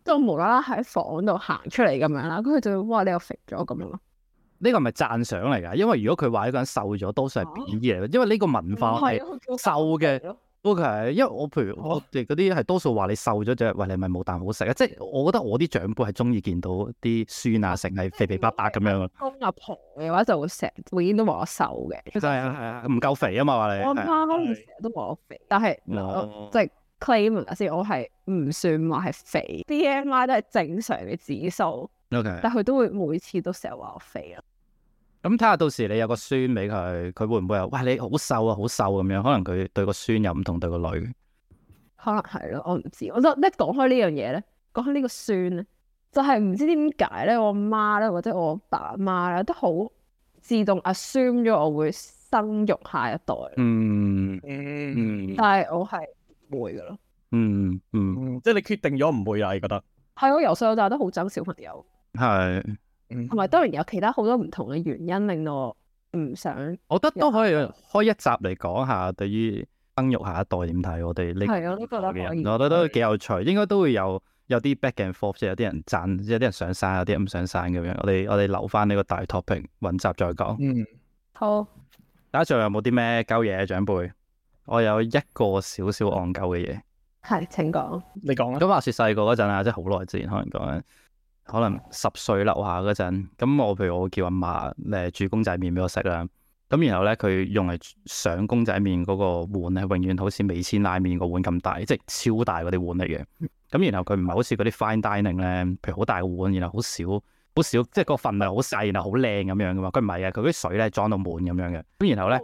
即係無啦啦喺房度行出嚟，咁樣啦，咁佢就話你又肥咗咁樣咯。呢個係咪讚賞嚟噶？因為如果佢話一個人瘦咗，多數係貶義嚟咯。因為呢個文化係瘦嘅。啊 O、okay, K，因為我譬如、哦、我哋嗰啲係多數話你瘦咗啫，喂、哎、你咪冇啖好食啊！即係我覺得我啲長輩係中意見到啲孫啊，成係肥肥白白咁樣。公阿婆嘅話就會成日永遠都話我瘦嘅。真係啊，係啊是，唔夠肥啊嘛話你。我媽成日都話我肥，但係、嗯、我即係 claim 下先，我係唔算話係肥，BMI 都係正常嘅指數。O okay . K，但佢都會每次都成日話我肥啊。咁睇下到時你有個孫俾佢，佢會唔會又喂你好瘦啊，好瘦咁、啊、樣？可能佢對個孫又唔同對個女，可能係咯，我唔知。我覺得一講開呢樣嘢咧，講開呢個孫咧，就係、是、唔知點解咧，我媽咧或者我爸媽咧都好自動 assume 咗我會生育下一代。嗯，但係我係會噶咯。嗯嗯，即係你決定咗唔會啦、啊？你覺得係我由細到大都好憎小朋友，係。同埋、嗯、當然有其他好多唔同嘅原因令到我唔想。我覺得都可以開一集嚟講下對於生育下一代點睇。我哋係，我都覺得可以，我覺得都幾有趣，應該都會有有啲 back and forth，即係有啲人贊，有啲人想生，有啲人唔想生咁樣。我哋我哋留翻呢個大 topic 搵集再講。嗯，好。大家仲有冇啲咩鳩嘢？長輩，我有一個少少戇鳩嘅嘢，係請講。你講啦。咁話說細個嗰陣啊，即係好耐之前可能講。可能十歲樓下嗰陣，咁我譬如我叫阿嫲誒煮公仔麵俾我食啦，咁然後咧佢用嚟上公仔麵嗰個碗咧，永遠好似味千拉麵個碗咁大，即係超大嗰啲碗嚟嘅。咁然後佢唔係好似嗰啲 fine dining 咧，譬如好大碗，然後好少，好少，即係個份量好細，然後好靚咁樣嘅嘛。佢唔係嘅，佢啲水咧裝到滿咁樣嘅。咁然後咧，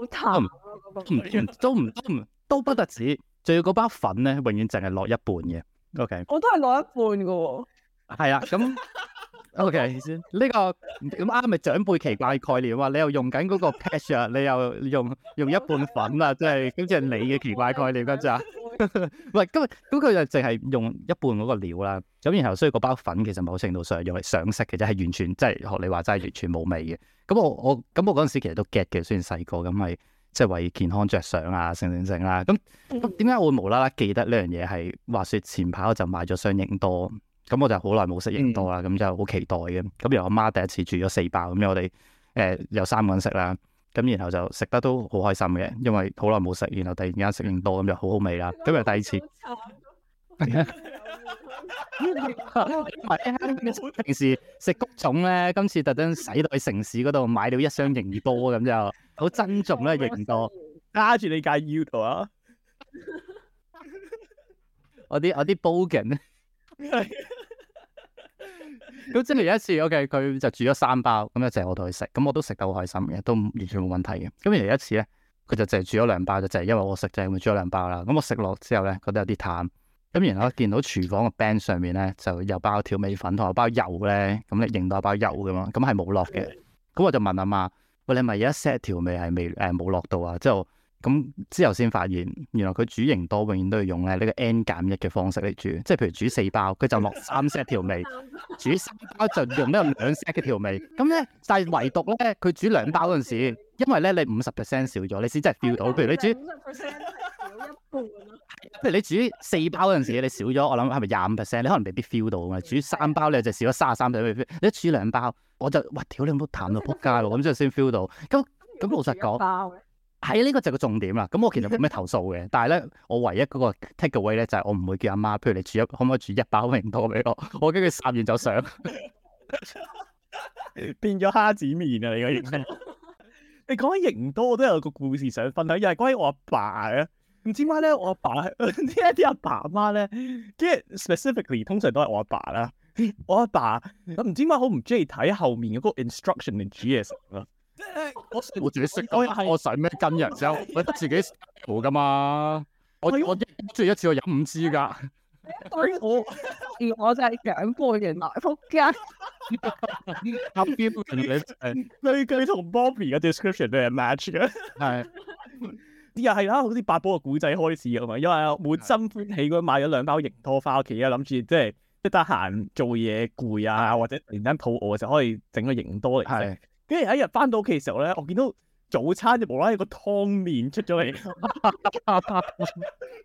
都唔都唔都，都不特止，仲要嗰包粉咧，永遠淨係落一半嘅。Okay，我都係落一半嘅喎。係啊，咁 OK 先呢，這個咁啱咪長輩奇怪概念哇！你又用緊嗰個 patch 啊，你又用用一半粉啊，即係咁即係你嘅奇怪概念嗰陣，喂，咁咁佢就淨係用一半嗰個料啦。咁然後所以嗰包粉，其實某程度上用嚟上色嘅，即係完全即係學你話齋完全冇味嘅。咁我我咁我嗰陣時其實都 get 嘅，雖然細個咁咪，即係為健康着想啊，剩剩剩啦。咁點解我會無啦啦記得呢樣嘢係？話說前排我就買咗雙櫻多。咁我就好耐冇食營多啦，咁就好期待嘅。咁然後我媽第一次煮咗四包，咁我哋誒有三個人食啦。咁然後就食得都好開心嘅，因為好耐冇食，然後突然間食營多咁就好好味啦。咁又第二次。係啊，平時食谷種咧，今次特登使到去城市嗰度買到一箱營多，咁就好珍重咧營多，揸住你架腰頭啊！我啲我啲煲勁。咁即係有一次，我記佢就煮咗三包，咁就淨係我同佢食，咁我都食得好開心嘅，都完全冇問題嘅。咁而有一次咧，佢就淨係煮咗兩包，就淨係因為我食，淨咁煮咗兩包啦。咁我食落之後咧，覺得有啲淡。咁然後我見到廚房個 band 上面咧，就又包調味粉同埋包油咧，咁你認到一包油咁樣，咁係冇落嘅。咁我就問阿媽，喂，你咪有一 set 調味係未誒冇落到啊？之後。咁之後先發現，原來佢煮型多永遠都要用咧呢個 n 減一嘅方式嚟煮，即係譬如煮四包，佢就落三 set 調味； [LAUGHS] 煮三包就用咗兩 set 嘅調味。咁咧，但係唯獨咧，佢煮兩包嗰陣時，因為咧你五十 percent 少咗，你先真係 feel 到。譬如你煮， [LAUGHS] 譬如你煮四包嗰陣時，你少咗，我諗係咪廿五 percent？你可能未必 feel 到啊嘛。煮三包你就少咗卅三 percent，你煮兩包我就哇屌、啊！你唔好淡到撲街咯，咁之後先 feel 到。咁咁老實講。喺呢、哎這個就係個重點啦。咁我其實冇咩投訴嘅，但係咧，我唯一嗰個 take away 咧，就係、是、我唔會叫阿媽，媽。譬如你煮一，可唔可以煮一包營多俾我？我跟佢霎完就上， [LAUGHS] 變咗蝦子麵啊！你個形象。 [LAUGHS] 你講起營多都有個故事想分享，又係關於我阿爸嘅。唔知點解咧，我阿爸，爸， [LAUGHS] 爸，爸呢一啲阿爸阿媽咧，跟住 specifically 通常都係我阿爸啦。我阿爸唔知點解好唔中意睇後面有個 instruction 嚟 in 煮嘢食啊。即係我自己食，我又我使咩今日之後自己做噶嘛？我我一中意一次我飲五支噶。我我就係飲杯原來仆街。後同 Bobby 嘅 description 對唔 match 嘅？係又係啦，好似八寶嘅古仔開始㗎嘛，因為滿心歡喜佢買咗兩包型拖翻屋企啦，諗住即係一得閒做嘢攰啊，或者連身肚餓嘅時候可以整個型拖嚟食。跟住有一日翻到屋企嘅時候咧，我見到早餐就無啦，有個湯麵出咗嚟。 [LAUGHS] [LAUGHS]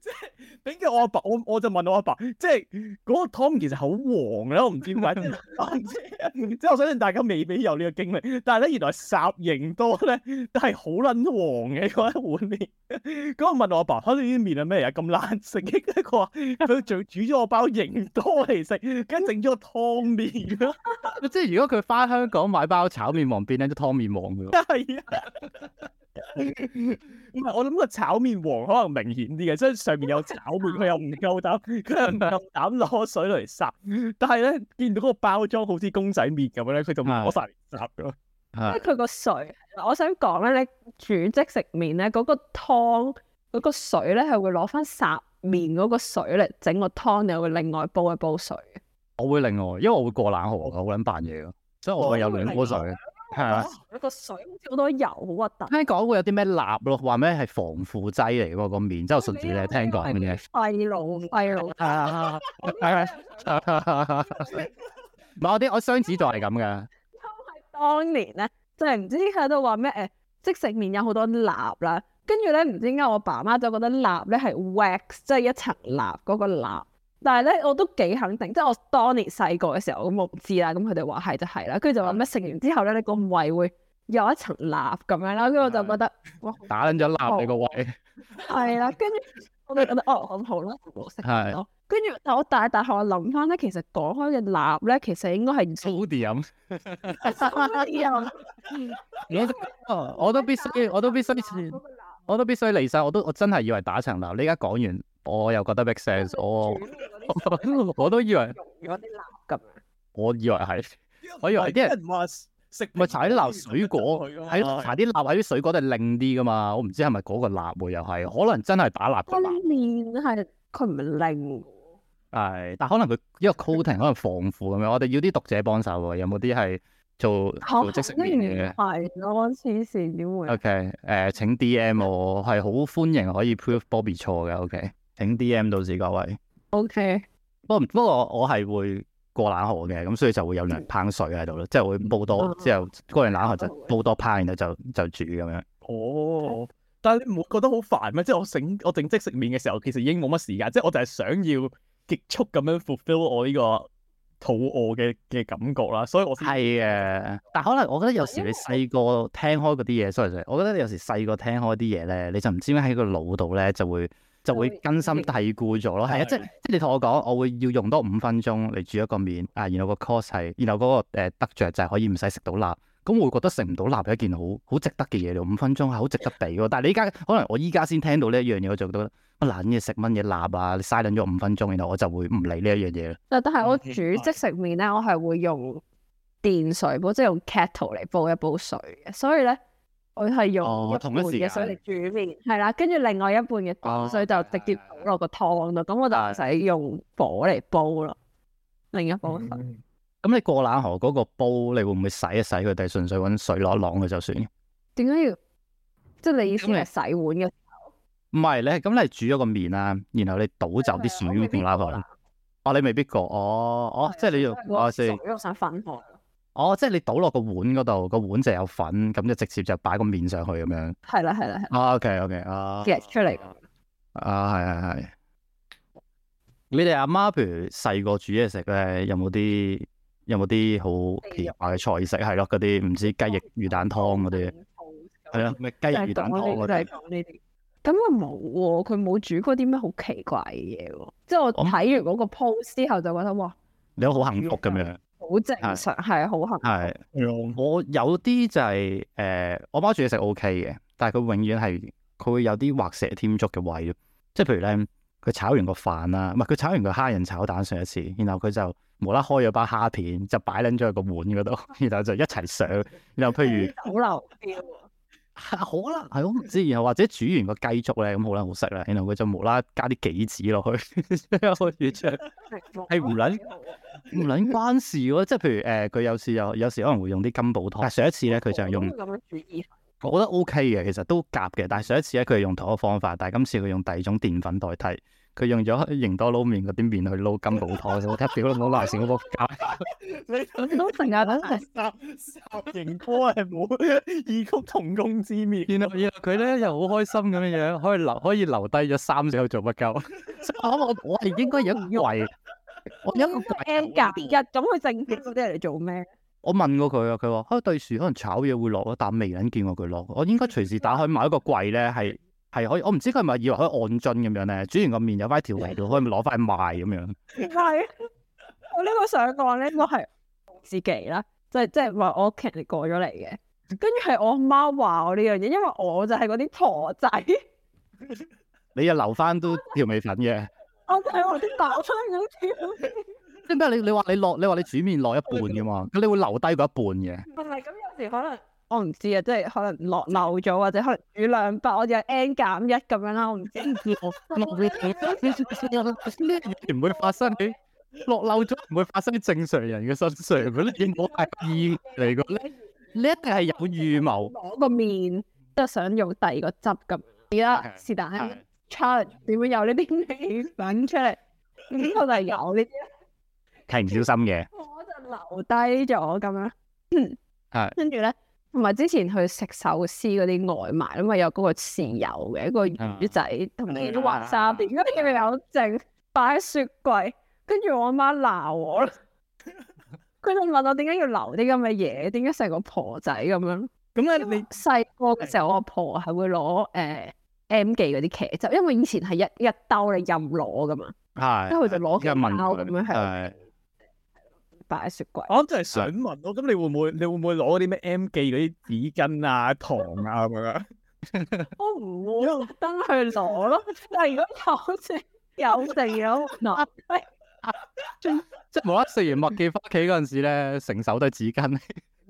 即係，點解我阿爸，爸，我我就問我阿爸，爸，即係嗰、那個湯其實好黃咧，我唔知點解。 [LAUGHS] 即係我相信大家，未必有呢個經歷，但係咧，原來食營多咧都係好撚黃嘅嗰、那個、一碗麵。嗰 [LAUGHS] 日問我阿爸，爸，反正啲麵係咩嚟啊？咁難食。跟住佢話佢煮咗個包營多嚟食，跟住整咗個湯麵。即係如果佢翻香港買包炒麵王返咧，都湯麵王佢係啊。 [LAUGHS] [LAUGHS] [LAUGHS] 唔係， [LAUGHS] 我諗個炒麵王可能明顯啲嘅，即係上面有炒麵，佢又唔夠膽，佢又唔夠膽攞水嚟霎。但係咧，見到嗰個包裝好似公仔麵咁樣咧，佢就攞晒嚟霎咯。佢個水，我想講咧，你煮即食麵咧，嗰個湯嗰個水咧，係會攞翻霎麵嗰個水嚟整個湯，你係會另外煲一煲水？我會另外，因為我會過冷河噶，我好捻扮嘢噶，所以我會有兩煲水。係啊，個水好似好多油，好核突。聽講會有啲咩蠟咯，話咩係防腐劑嚟嘅喎個麵，之後順住咧聽講嘅，費腦費腦係啊，係咪？唔係我啲我雙子座係咁嘅，都係當年咧，即係唔知喺度話咩誒，即食麵有好多蠟啦，跟住咧唔知點解我爸媽就覺得蠟咧係 wax，即係一層蠟嗰個蠟。但係咧，我都幾肯定，即係我當年細個嘅時候，咁我唔知啦。咁佢哋話係就係啦，跟住就話咩食完之後咧，你個胃會有一層蠟咁樣啦。跟住我就覺得，哇！好好打緊咗蠟你個胃，係啦。跟住我哋覺得哦，咁好咯，係。跟住我大大學我諗翻咧，其實講開嘅蠟咧，其實應該係粗啲飲，我都必須，我都必須，我都必須離晒，我都我真係以為打層蠟你而家講完。我又覺得 make sense，我我都以為嗰啲蠟咁，我以為係，我以為啲人唔話食咪搽啲蠟水果，喺搽啲蠟喺啲水果度亮啲㗎嘛，我唔知係咪嗰個蠟喎又係，可能真係打蠟嗰面係佢唔係亮，係但可能佢因為 coating 可能防腐咁樣，我哋要啲讀者幫手喎，有冇啲係做即食麪嘅？係我黐線點會？OK，誒請 DM 我係好歡迎可以 prove Bobby 錯嘅 OK。請 D.M 到時各位。O.K.，不過不過我係會過冷河嘅，咁所以就會有兩烹水喺度咯，即係會煲多，啊，之後，過完冷河就煲多烹，然後就就煮咁樣。哦，但係你冇覺得好煩咩？即係我整我整即食麵嘅時候，其實已經冇乜時間，即係我就係想要極速咁樣 fulfill 我呢個肚餓嘅嘅感覺啦。所以我，我係嘅。但係可能我覺得有時你細個聽開嗰啲嘢，所以其實我覺得你有時細個聽開啲嘢咧，你就唔知咩喺個腦度咧就會。就會根深蒂固咗咯，係啊的，即係即係你同我講，我會要用多五分鐘嚟煮一個麵啊，然後個 course 係，然後嗰、嗰個、呃、得着就係可以唔使食到辣，咁我會覺得食唔到辣係一件好好值得嘅嘢嚟，五分鐘係好值得地嘅。但係你而家可能我依家先聽到呢一樣嘢，我就覺得乜撚嘢食乜嘢辣啊？你嘥撚咗五分鐘，然後我就會唔理呢一樣嘢啦。但係我煮即食麵咧，我係會用電水煲，即係用 kettle 嚟煲一煲水嘅，所以咧。佢係用一半嘅水嚟煮麵，係啦、啊，跟住另外一半嘅水就直接倒落個湯度，咁、哦、我就唔使用火嚟煲咯。另一部咁、嗯、你過冷河嗰個煲，你會唔會洗一洗佢？定係純粹揾水一啷佢就算？點解要？即係你意思係洗碗嘅？唔係咧，咁你煮咗個麵啦，然後你倒走啲水咁拉佢。哦、 [LAUGHS] 嗯啊，你未必過哦哦，的即係你要。想分哦，即係你倒落個碗嗰度，個碗就有粉，咁就直接就擺個麵上去咁樣。係啦，係啦，係。啊，OK，OK，啊。夾出嚟。啊，係係係。你哋阿媽，譬如細個煮嘢食咧，有冇啲有冇啲好奇怪嘅菜式？係咯，嗰啲唔知雞翼魚蛋湯嗰啲。係啦，咩雞翼魚蛋湯嗰啲。咁啊冇喎，佢冇煮過啲咩好奇怪嘅嘢喎。即係我睇完嗰個 post 之後，就覺得哇，你好幸福咁樣。好正常，係好合福。係，我有啲就係、是、誒、呃，我媽煮嘢食 O K 嘅，但係佢永遠係佢會有啲畫蛇添足嘅位。即係譬如咧，佢炒完個飯啦，唔係，佢炒完個蝦仁炒蛋上一次，然後佢就無啦開咗包蝦片，就擺捻咗喺個碗嗰度，然後就一齊上。然後譬如好漏、啊、 [LAUGHS] 可能係我唔知，然後或者煮完個雞粥咧，咁好啦好食啦，然後佢就無啦加啲杞子落去，開始唱係胡捻。唔捻關事咯，即係譬如誒，佢、呃、有時有有時可能會用啲金寶湯，但係上一次咧佢就用咁樣煮意粉，我覺得 O K 嘅，其實都夾嘅。但係上一次咧佢用同一個方法，但係今次佢用第二種澱粉代替，佢用咗營多撈麵嗰啲麵去撈金寶湯。我睇表都好耐，成個家你都成日等食雜雜，營多係冇異曲同工之妙。然後佢咧又好開心咁樣樣，可以留可 [LAUGHS] 以留低咗三隻去做乜鳩？我我係應該有一我有個櫃日咁去正啲嗰啲嚟做咩？我問過佢啊，佢話，可能對樹，可能炒嘢會落，啊，但未忍見過佢落。我應該隨時打開買一個櫃咧，係係可以。我唔知佢係咪以為可以按樽咁樣咧，煮完個麵有塊條尾度可以攞翻去賣咁樣。係 [LAUGHS] 我呢個想講咧，我係自己啦，即係即係話我 can 過咗嚟嘅，跟住係我媽話我呢樣嘢，因為我就係嗰啲婆仔，你又留翻都條尾粉嘅。 [LAUGHS] 我係我啲搞出咁少即係咩？你你話你落，你話你煮麵落一半嘅嘛？咁你會留低嗰一半嘅。唔係，咁有時可能我唔知啊，即係可能落漏咗，或者可能煮兩百，我就係 n 減一咁樣啦，我唔知。唔 [LAUGHS] [LAUGHS] 會發生喺落漏咗，唔會發生喺正常人嘅身上嗰啲冇大意嚟講咧。你一定係有預謀，攞個麵都係、就係、想用第二個汁咁。而家是但。是 Ly, 出點會有呢啲麵粉出嚟？我就係有呢啲，係唔小心嘅。我就留低咗咁樣，係、嗯。跟住咧，同埋之前去食壽司嗰啲外賣，因為有嗰個豉油嘅一、嗰個魚仔，同啲滑沙，點解你哋咪有剩擺喺雪櫃？跟住我媽鬧我啦，佢就問我點解要留啲咁嘅嘢？點解成個婆仔咁樣？咁啊、嗯，你細個嘅時候我，我阿婆係會攞誒。M 記嗰啲茄汁，因為以前係一一兜你任攞噶嘛，跟住就攞幾包咁樣係擺喺雪櫃。我真係想問咯，咁你會唔會？你會唔會攞嗰啲咩 M 記嗰啲紙巾啊、糖啊咁啊？我唔會特登去攞咯，但係如果有剩有剩嘅，我攞。即係冇啦，食完麥記翻屋企嗰陣時咧，成手都係紙巾。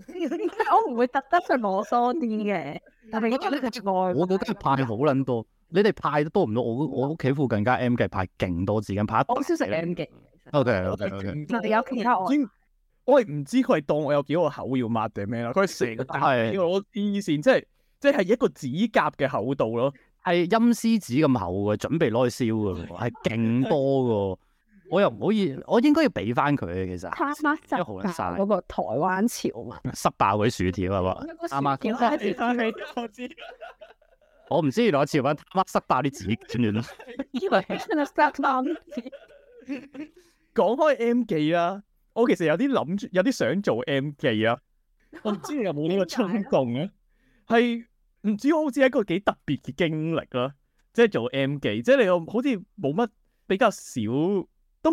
[LAUGHS] 我唔會得得特登去攞粗啲嘅，但我覺得佢我覺得派好捻多，你哋派得多唔多？我我屋企附近間 M 記派勁多，最近派一袋。我好少食 M 記。O K O K，我哋有其他外，我係唔知佢係當我有幾個口要抹定咩啦？佢成係攞黐線，即係即係一個指甲嘅厚度咯，係陰絲紙咁厚嘅，準備攞去燒㗎，係勁多㗎。 [LAUGHS] 我又唔好意，我應該要俾翻佢嘅，其實。他媽就嗰個台灣潮物，塞爆嗰啲薯條啊！我唔知台潮物他媽塞爆啲紙，轉轉啦，以為塞爆啲紙。講開 M 記啊。我其實有啲諗住，有啲想做 M 記啊。我唔知你有冇呢個衝動啊？係唔知好似係一個幾特別嘅經歷啦，啊，即係做 M 記，即係你又好似冇乜比較少。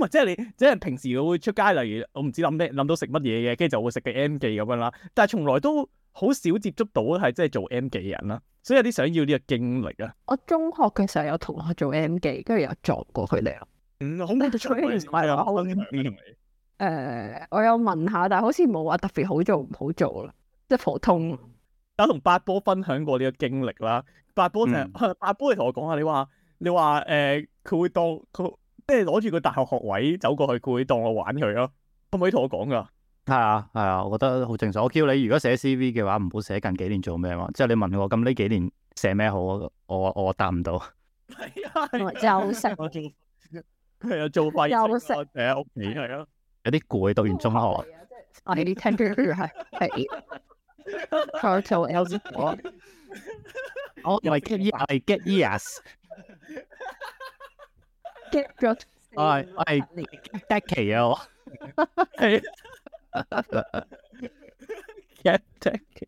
即係你，即係平時我會出街，例如我唔知諗咩諗到食乜嘢嘅，跟住就會食嘅 M 記咁樣啦。但係從來都好少接觸到係即係做 M 記嘅人啦，所以有啲想要呢個經歷啊。我中學嘅時候有同學做 M 記，跟住有作過佢哋啊。嗯，好是，唔我誒，我有問下，但係好似冇話特別好做唔好做啦，即係普通。有同八波分享過呢個經歷啦。八波成、就係，八、嗯、波你同我講下，你話你話誒，佢、呃、會當佢。即係攞住個大學學位走過去，佢會當我玩佢咯。可唔可以同我講噶？係啊係啊，我覺得好正常。我叫你如果寫 CV 嘅話，唔好寫近幾年做咩嘛。之後你問我咁呢幾年寫咩好，我我我答唔到。係啊，休息。係啊，做廢。休息喺屋企係咯，有啲攰。讀完中學。係啲聽者係係。Protest against 我。我係 get，我係 get yes。係係特奇嘅，我係特奇。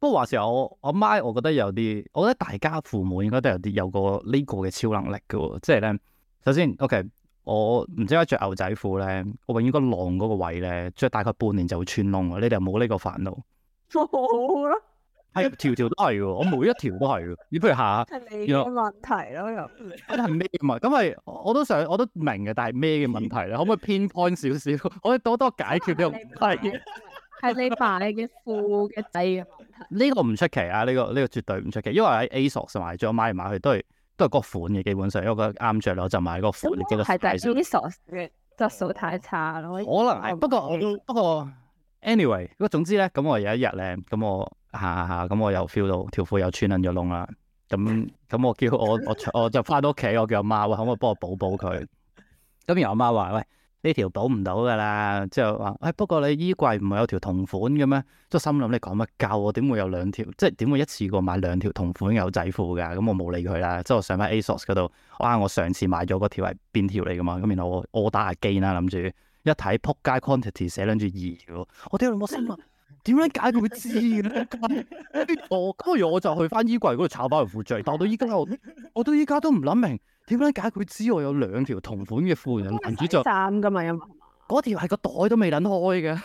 不過話時我我媽，我覺得有啲，我覺得大家父母應該都有啲有個呢個嘅超能力嘅、哦。即係咧，首先，OK，我唔知解着牛仔褲咧，我永遠個浪嗰個位咧，着大概半年就會穿窿。你哋冇呢個煩惱。係一條條都係嘅，我每一條都係嘅。你譬如下，你問題咯，啊、又。咁係咩？唔係咁係，我都想，我都明嘅。但係咩嘅問題咧？可唔可以偏 point 少少？我可以多多解決啲問題嘅。係你爸你嘅褲嘅仔嘅問題。呢個唔出奇啊！呢，這個呢，這個絕對唔出奇，因為喺 ASOS 買咗，買嚟買去都係都係個款嘅，基本上，因為啱着咧就買個款。可能係，s 係啲 size 嘅質素太差咯。買買可能係，不過，我不過。不過不過不過 Anyway，不過總之咧，咁我有一日咧，咁我下下下，咁、啊、我又 feel 到條褲又穿撚咗窿啦。咁咁我叫我我我就翻到屋企，我叫阿媽話可唔可以幫我補補佢？咁然後阿媽話：喂，呢條補唔到㗎啦。之後話：哎，不過你衣櫃唔係有條同款嘅咩？即係心諗你講乜鳩？點會有兩條？即係點會一次過買兩條同款牛仔褲㗎？咁我冇理佢啦。之後我上翻 ASOS 嗰度，啊，我上次買咗嗰條係邊條嚟㗎嘛？咁然後我 again，打下機啦，諗住。一睇撲街 quantity 寫兩注二條，我啲老母心啊，點 [LAUGHS] 樣解佢會知咧？我咁我就去翻衣櫃嗰度抄翻條褲著但到依家我我都依家都唔諗明，點樣解佢知我有兩條同款嘅褲？男主著衫㗎嘛， [LAUGHS] 因為嗰條係個袋都未攬開嘅，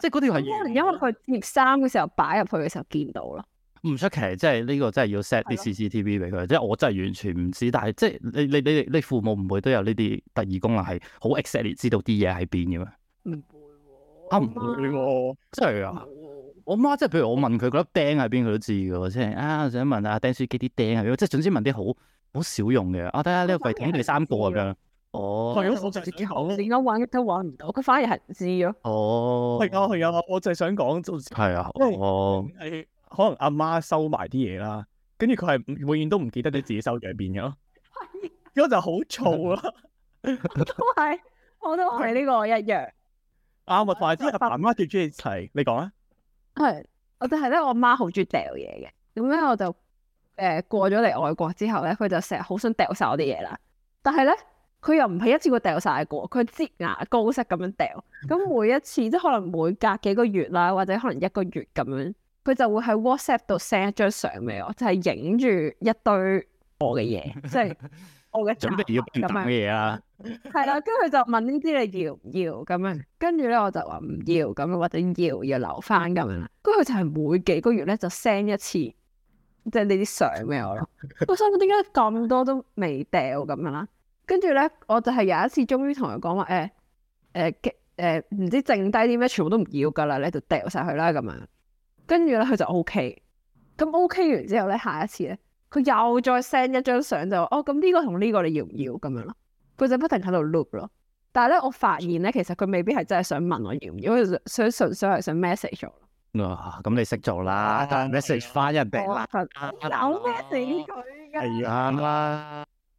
即係嗰條係因為因為佢摺衫嘅時候擺入去嘅時候見到啦。唔出奇，即係呢個真係要 set 啲 CCTV 俾佢。即係我真係完全唔知，但係即係你你你你父母唔會都有呢啲特異功能，係好 exactly 知道啲嘢喺邊嘅咩？唔會啊，唔會，真係啊！我媽即係譬如我問佢嗰粒釘喺邊，佢都知嘅。即係啊，想問下釘書機啲釘喺邊，即係總之問啲好好少用嘅。啊，睇下呢個櫃桶第三個咁樣。哦，我真係好，點解玩都玩唔到，佢反而係知咯。哦，係啊，係啊，我我就係想講係啊，哦。可能阿媽收埋啲嘢啦，跟住佢係永遠都唔記得你自己收咗喺邊嘅咯。係， [LAUGHS] 如果就好燥啦。都係，我都係呢個一樣。啱啊，同埋啲阿爸阿媽最中意係你講啊。係，我就係、是、咧，我媽好中意掉嘢嘅。咁咧，我就誒、呃、過咗嚟外國之後咧，佢就成日好想掉晒我啲嘢啦。但係咧，佢又唔係一次過掉晒過，佢擠牙膏式咁樣掉。咁每一次 [LAUGHS] 即係可能每隔幾個月啦，或者可能一個月咁樣。佢就會喺 WhatsApp 度 send 一張相俾我，就係影住一堆我嘅嘢，即係我嘅雜物咁啊。係啦這樣，跟住佢就問呢啲你要唔要咁樣，跟住咧我就話唔要咁樣，或者要要留翻咁樣啦。跟住佢就係每幾個月咧就 send 一次即係你啲相俾我咯。我想我點解咁多都未掉咁樣啦？跟住咧我就係有一次終於同佢講話誒誒誒唔知剩低啲咩，全部都唔要噶啦，你就掉晒佢啦咁樣。跟住咧，佢就 OK，咁 OK 完之後咧，下一次咧，佢又再 send 一張相就，哦，咁呢個同呢個你要唔要咁樣啦？佢就不停喺度 loop 咯。但係咧，我發現咧，其實佢未必係真係想問我要唔要，佢想純粹係想 message 我。咯、啊。咁你識做啦，message 但翻人哋啦，有咩死佢㗎？係啊。啊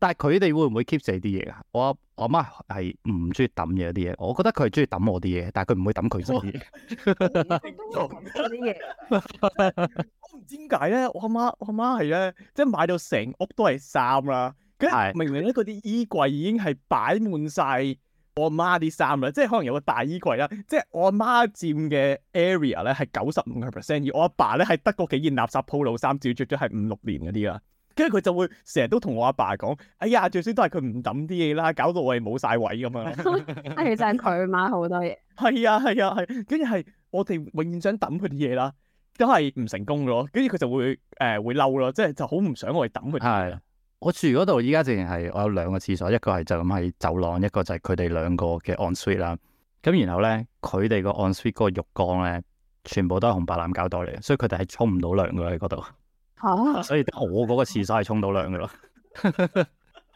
但係佢哋會唔會 keep 死啲嘢啊？我我媽係唔中意抌嘢啲嘢，我覺得佢係中意抌我啲嘢，但係佢唔會抌佢自己嘢。我唔知點解咧，我阿媽我阿媽係咧，即係買到成屋都係衫啦，跟住明明咧嗰啲衣櫃已經係擺滿晒我阿媽啲衫啦，即係可能有個大衣櫃啦，即係我阿媽佔嘅 area 咧係九十五個 percent，而我阿爸咧係得個幾件垃圾 polo 路衫，只要著咗係五六年嗰啲啦。跟住佢就會成日都同我阿爸講：哎呀，最衰都係佢唔抌啲嘢啦，搞到我哋冇晒位咁 [LAUGHS] [LAUGHS] 啊！其實係佢買好多嘢。係啊，係啊，係、啊。跟住係我哋永遠想抌佢啲嘢啦，都係唔成功嘅咯。跟住佢就會誒、呃、會嬲咯，即係就好唔想我哋抌佢啲嘢啦。我住嗰度依家淨係我有兩個廁所，一個係就咁喺走廊，一個就係佢哋兩個嘅 en suite 啦。咁然後咧，佢哋個 en suite 嗰個浴缸咧，全部都係紅白藍膠袋嚟嘅，所以佢哋係沖唔到涼嘅喺嗰度。所以我嗰個廁所係沖到涼嘅咯，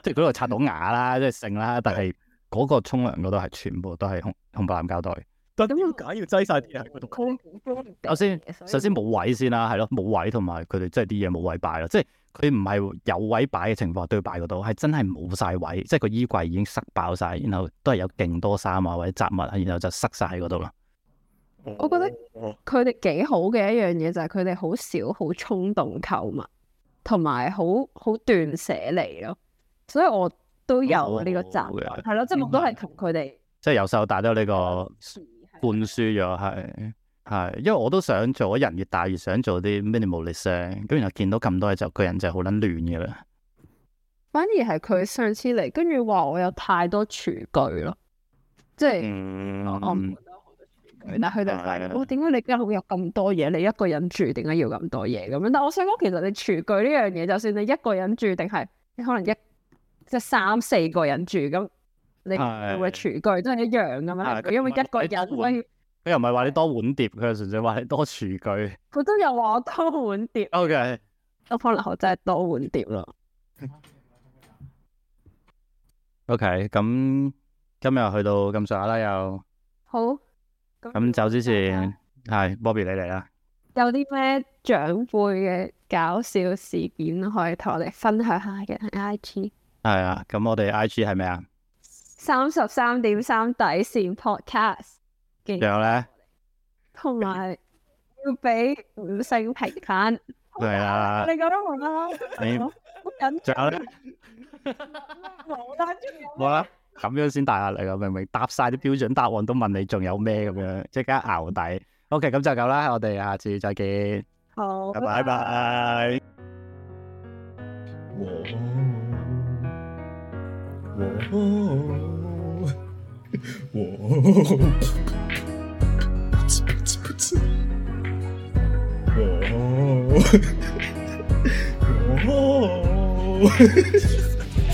即係嗰度刷到牙啦，即係剩啦。但係嗰個沖涼嗰度係全部都係紅紅白藍膠袋。但咁點解要擠晒啲嘢喺度？ [LAUGHS] 首先，首先冇位先啦，係咯，冇位同埋佢哋即係啲嘢冇位擺咯。即係佢唔係有位擺嘅情況都要擺嗰度，係真係冇晒位，即係個衣櫃已經塞爆晒，然後都係有勁多衫啊或者雜物啊，然後就塞晒喺嗰度啦。我覺得佢哋幾好嘅一樣嘢就係佢哋好少好衝動購物，同埋好好斷捨離咯。所以我都有呢個習慣，係咯，即係我都係同佢哋，即係由細到大都有呢個灌輸咗，係係。因為我都想做，人越大越想做啲 minimalist，咁然後見到咁多嘢，就個人就好撚亂嘅啦。反而係佢上次嚟跟住話我有太多廚具咯，即係、嗯。嗯。但佢哋係，我點解你間屋有咁多嘢？你一個人住，點解要咁多嘢咁樣？但我想講，其實你廚具呢樣嘢，就算你一個人住，定係你可能一即係三四個人住，咁你嘅廚具都係一樣嘅嘛。因為一個人，所以佢又唔係話你多碗碟，佢係純粹話你多廚具。佢都又話我多碗碟，OK，都可能我真係多碗碟咯。OK，咁今日去到咁上下啦，又好。咁走之前係、嗯、是 Bobby 你嚟啦，有啲咩長輩嘅搞笑事件可以同我哋分享下嘅 IG？係啊，咁我哋 IG 係咩啊？三十三點三底線 Podcast。仲有咧，同埋要俾五星評分。係啊，你講得唔啱。你，好緊張。啦，咁樣先大壓力啊，明明答晒啲標準答案都問你仲有咩咁樣，即刻淆底。OK，咁就夠啦，我哋下次再見。好，拜拜、拜拜。